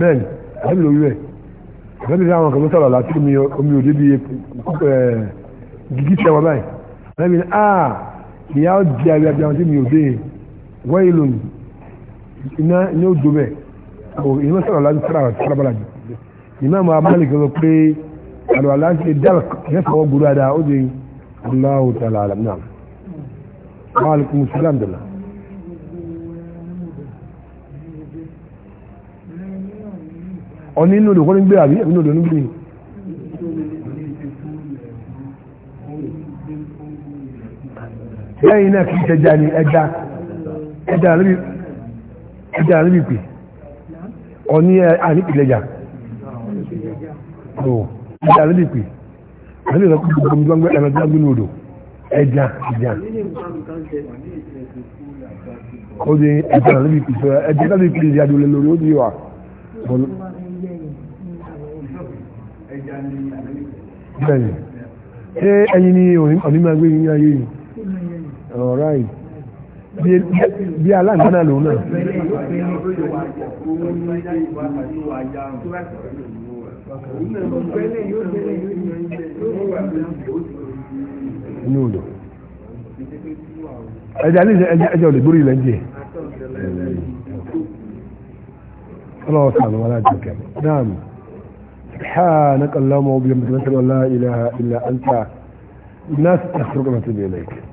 bẹ́ẹ̀ni àbẹ́bí lórí rẹ̀ àbẹ́bí rí àwọn kan ló sọ̀rọ̀ láti omi omi òde bíi gigi tí a wà báyìí àbẹ́bí ni a ah, ìyá ó di àwẹ̀ àbí àwọn tí mi ò dé wáyé lónìí iná ní ó do bẹ́ẹ̀ ìyá mọ́ sọ̀rọ̀ láti sára sára bala jù ìmọ̀ àwọn abúlé kan lọ pé àlọ́ aláṣẹ dàlù kẹfà wọ́n gbúdọ̀ dáa ó di aláwọ̀ tààlà àlàm ọ̀ní inú odò kọ́ ní gbé àbí ẹ̀mí odò ní gbé lẹ́yìn náà kì í ṣẹja ni ẹja ẹja àríbì pè ọ̀ní àríbì lẹ́jà ẹja àríbì pè àríbì lọ́kọ́ gbogbo gbogbo ẹran tó gbínú odò ẹja ẹja ó di ẹja àríbì pè ẹja àríbì pè ìyàdó lórí ó di wà. bẹ́ẹ̀ni ṣé ẹyin ni onímọ̀ gbé yín ayé yìí ọ̀rọ̀ bí aláǹdáná lòun náà. ní odò ẹja ní gbórí ilẹ̀ jẹ ọlọ́wọ́ sàánú wọn kẹ́ náà. سبحانك اللهم وبحمدك لا اله الا انت الناس تخرج من إليك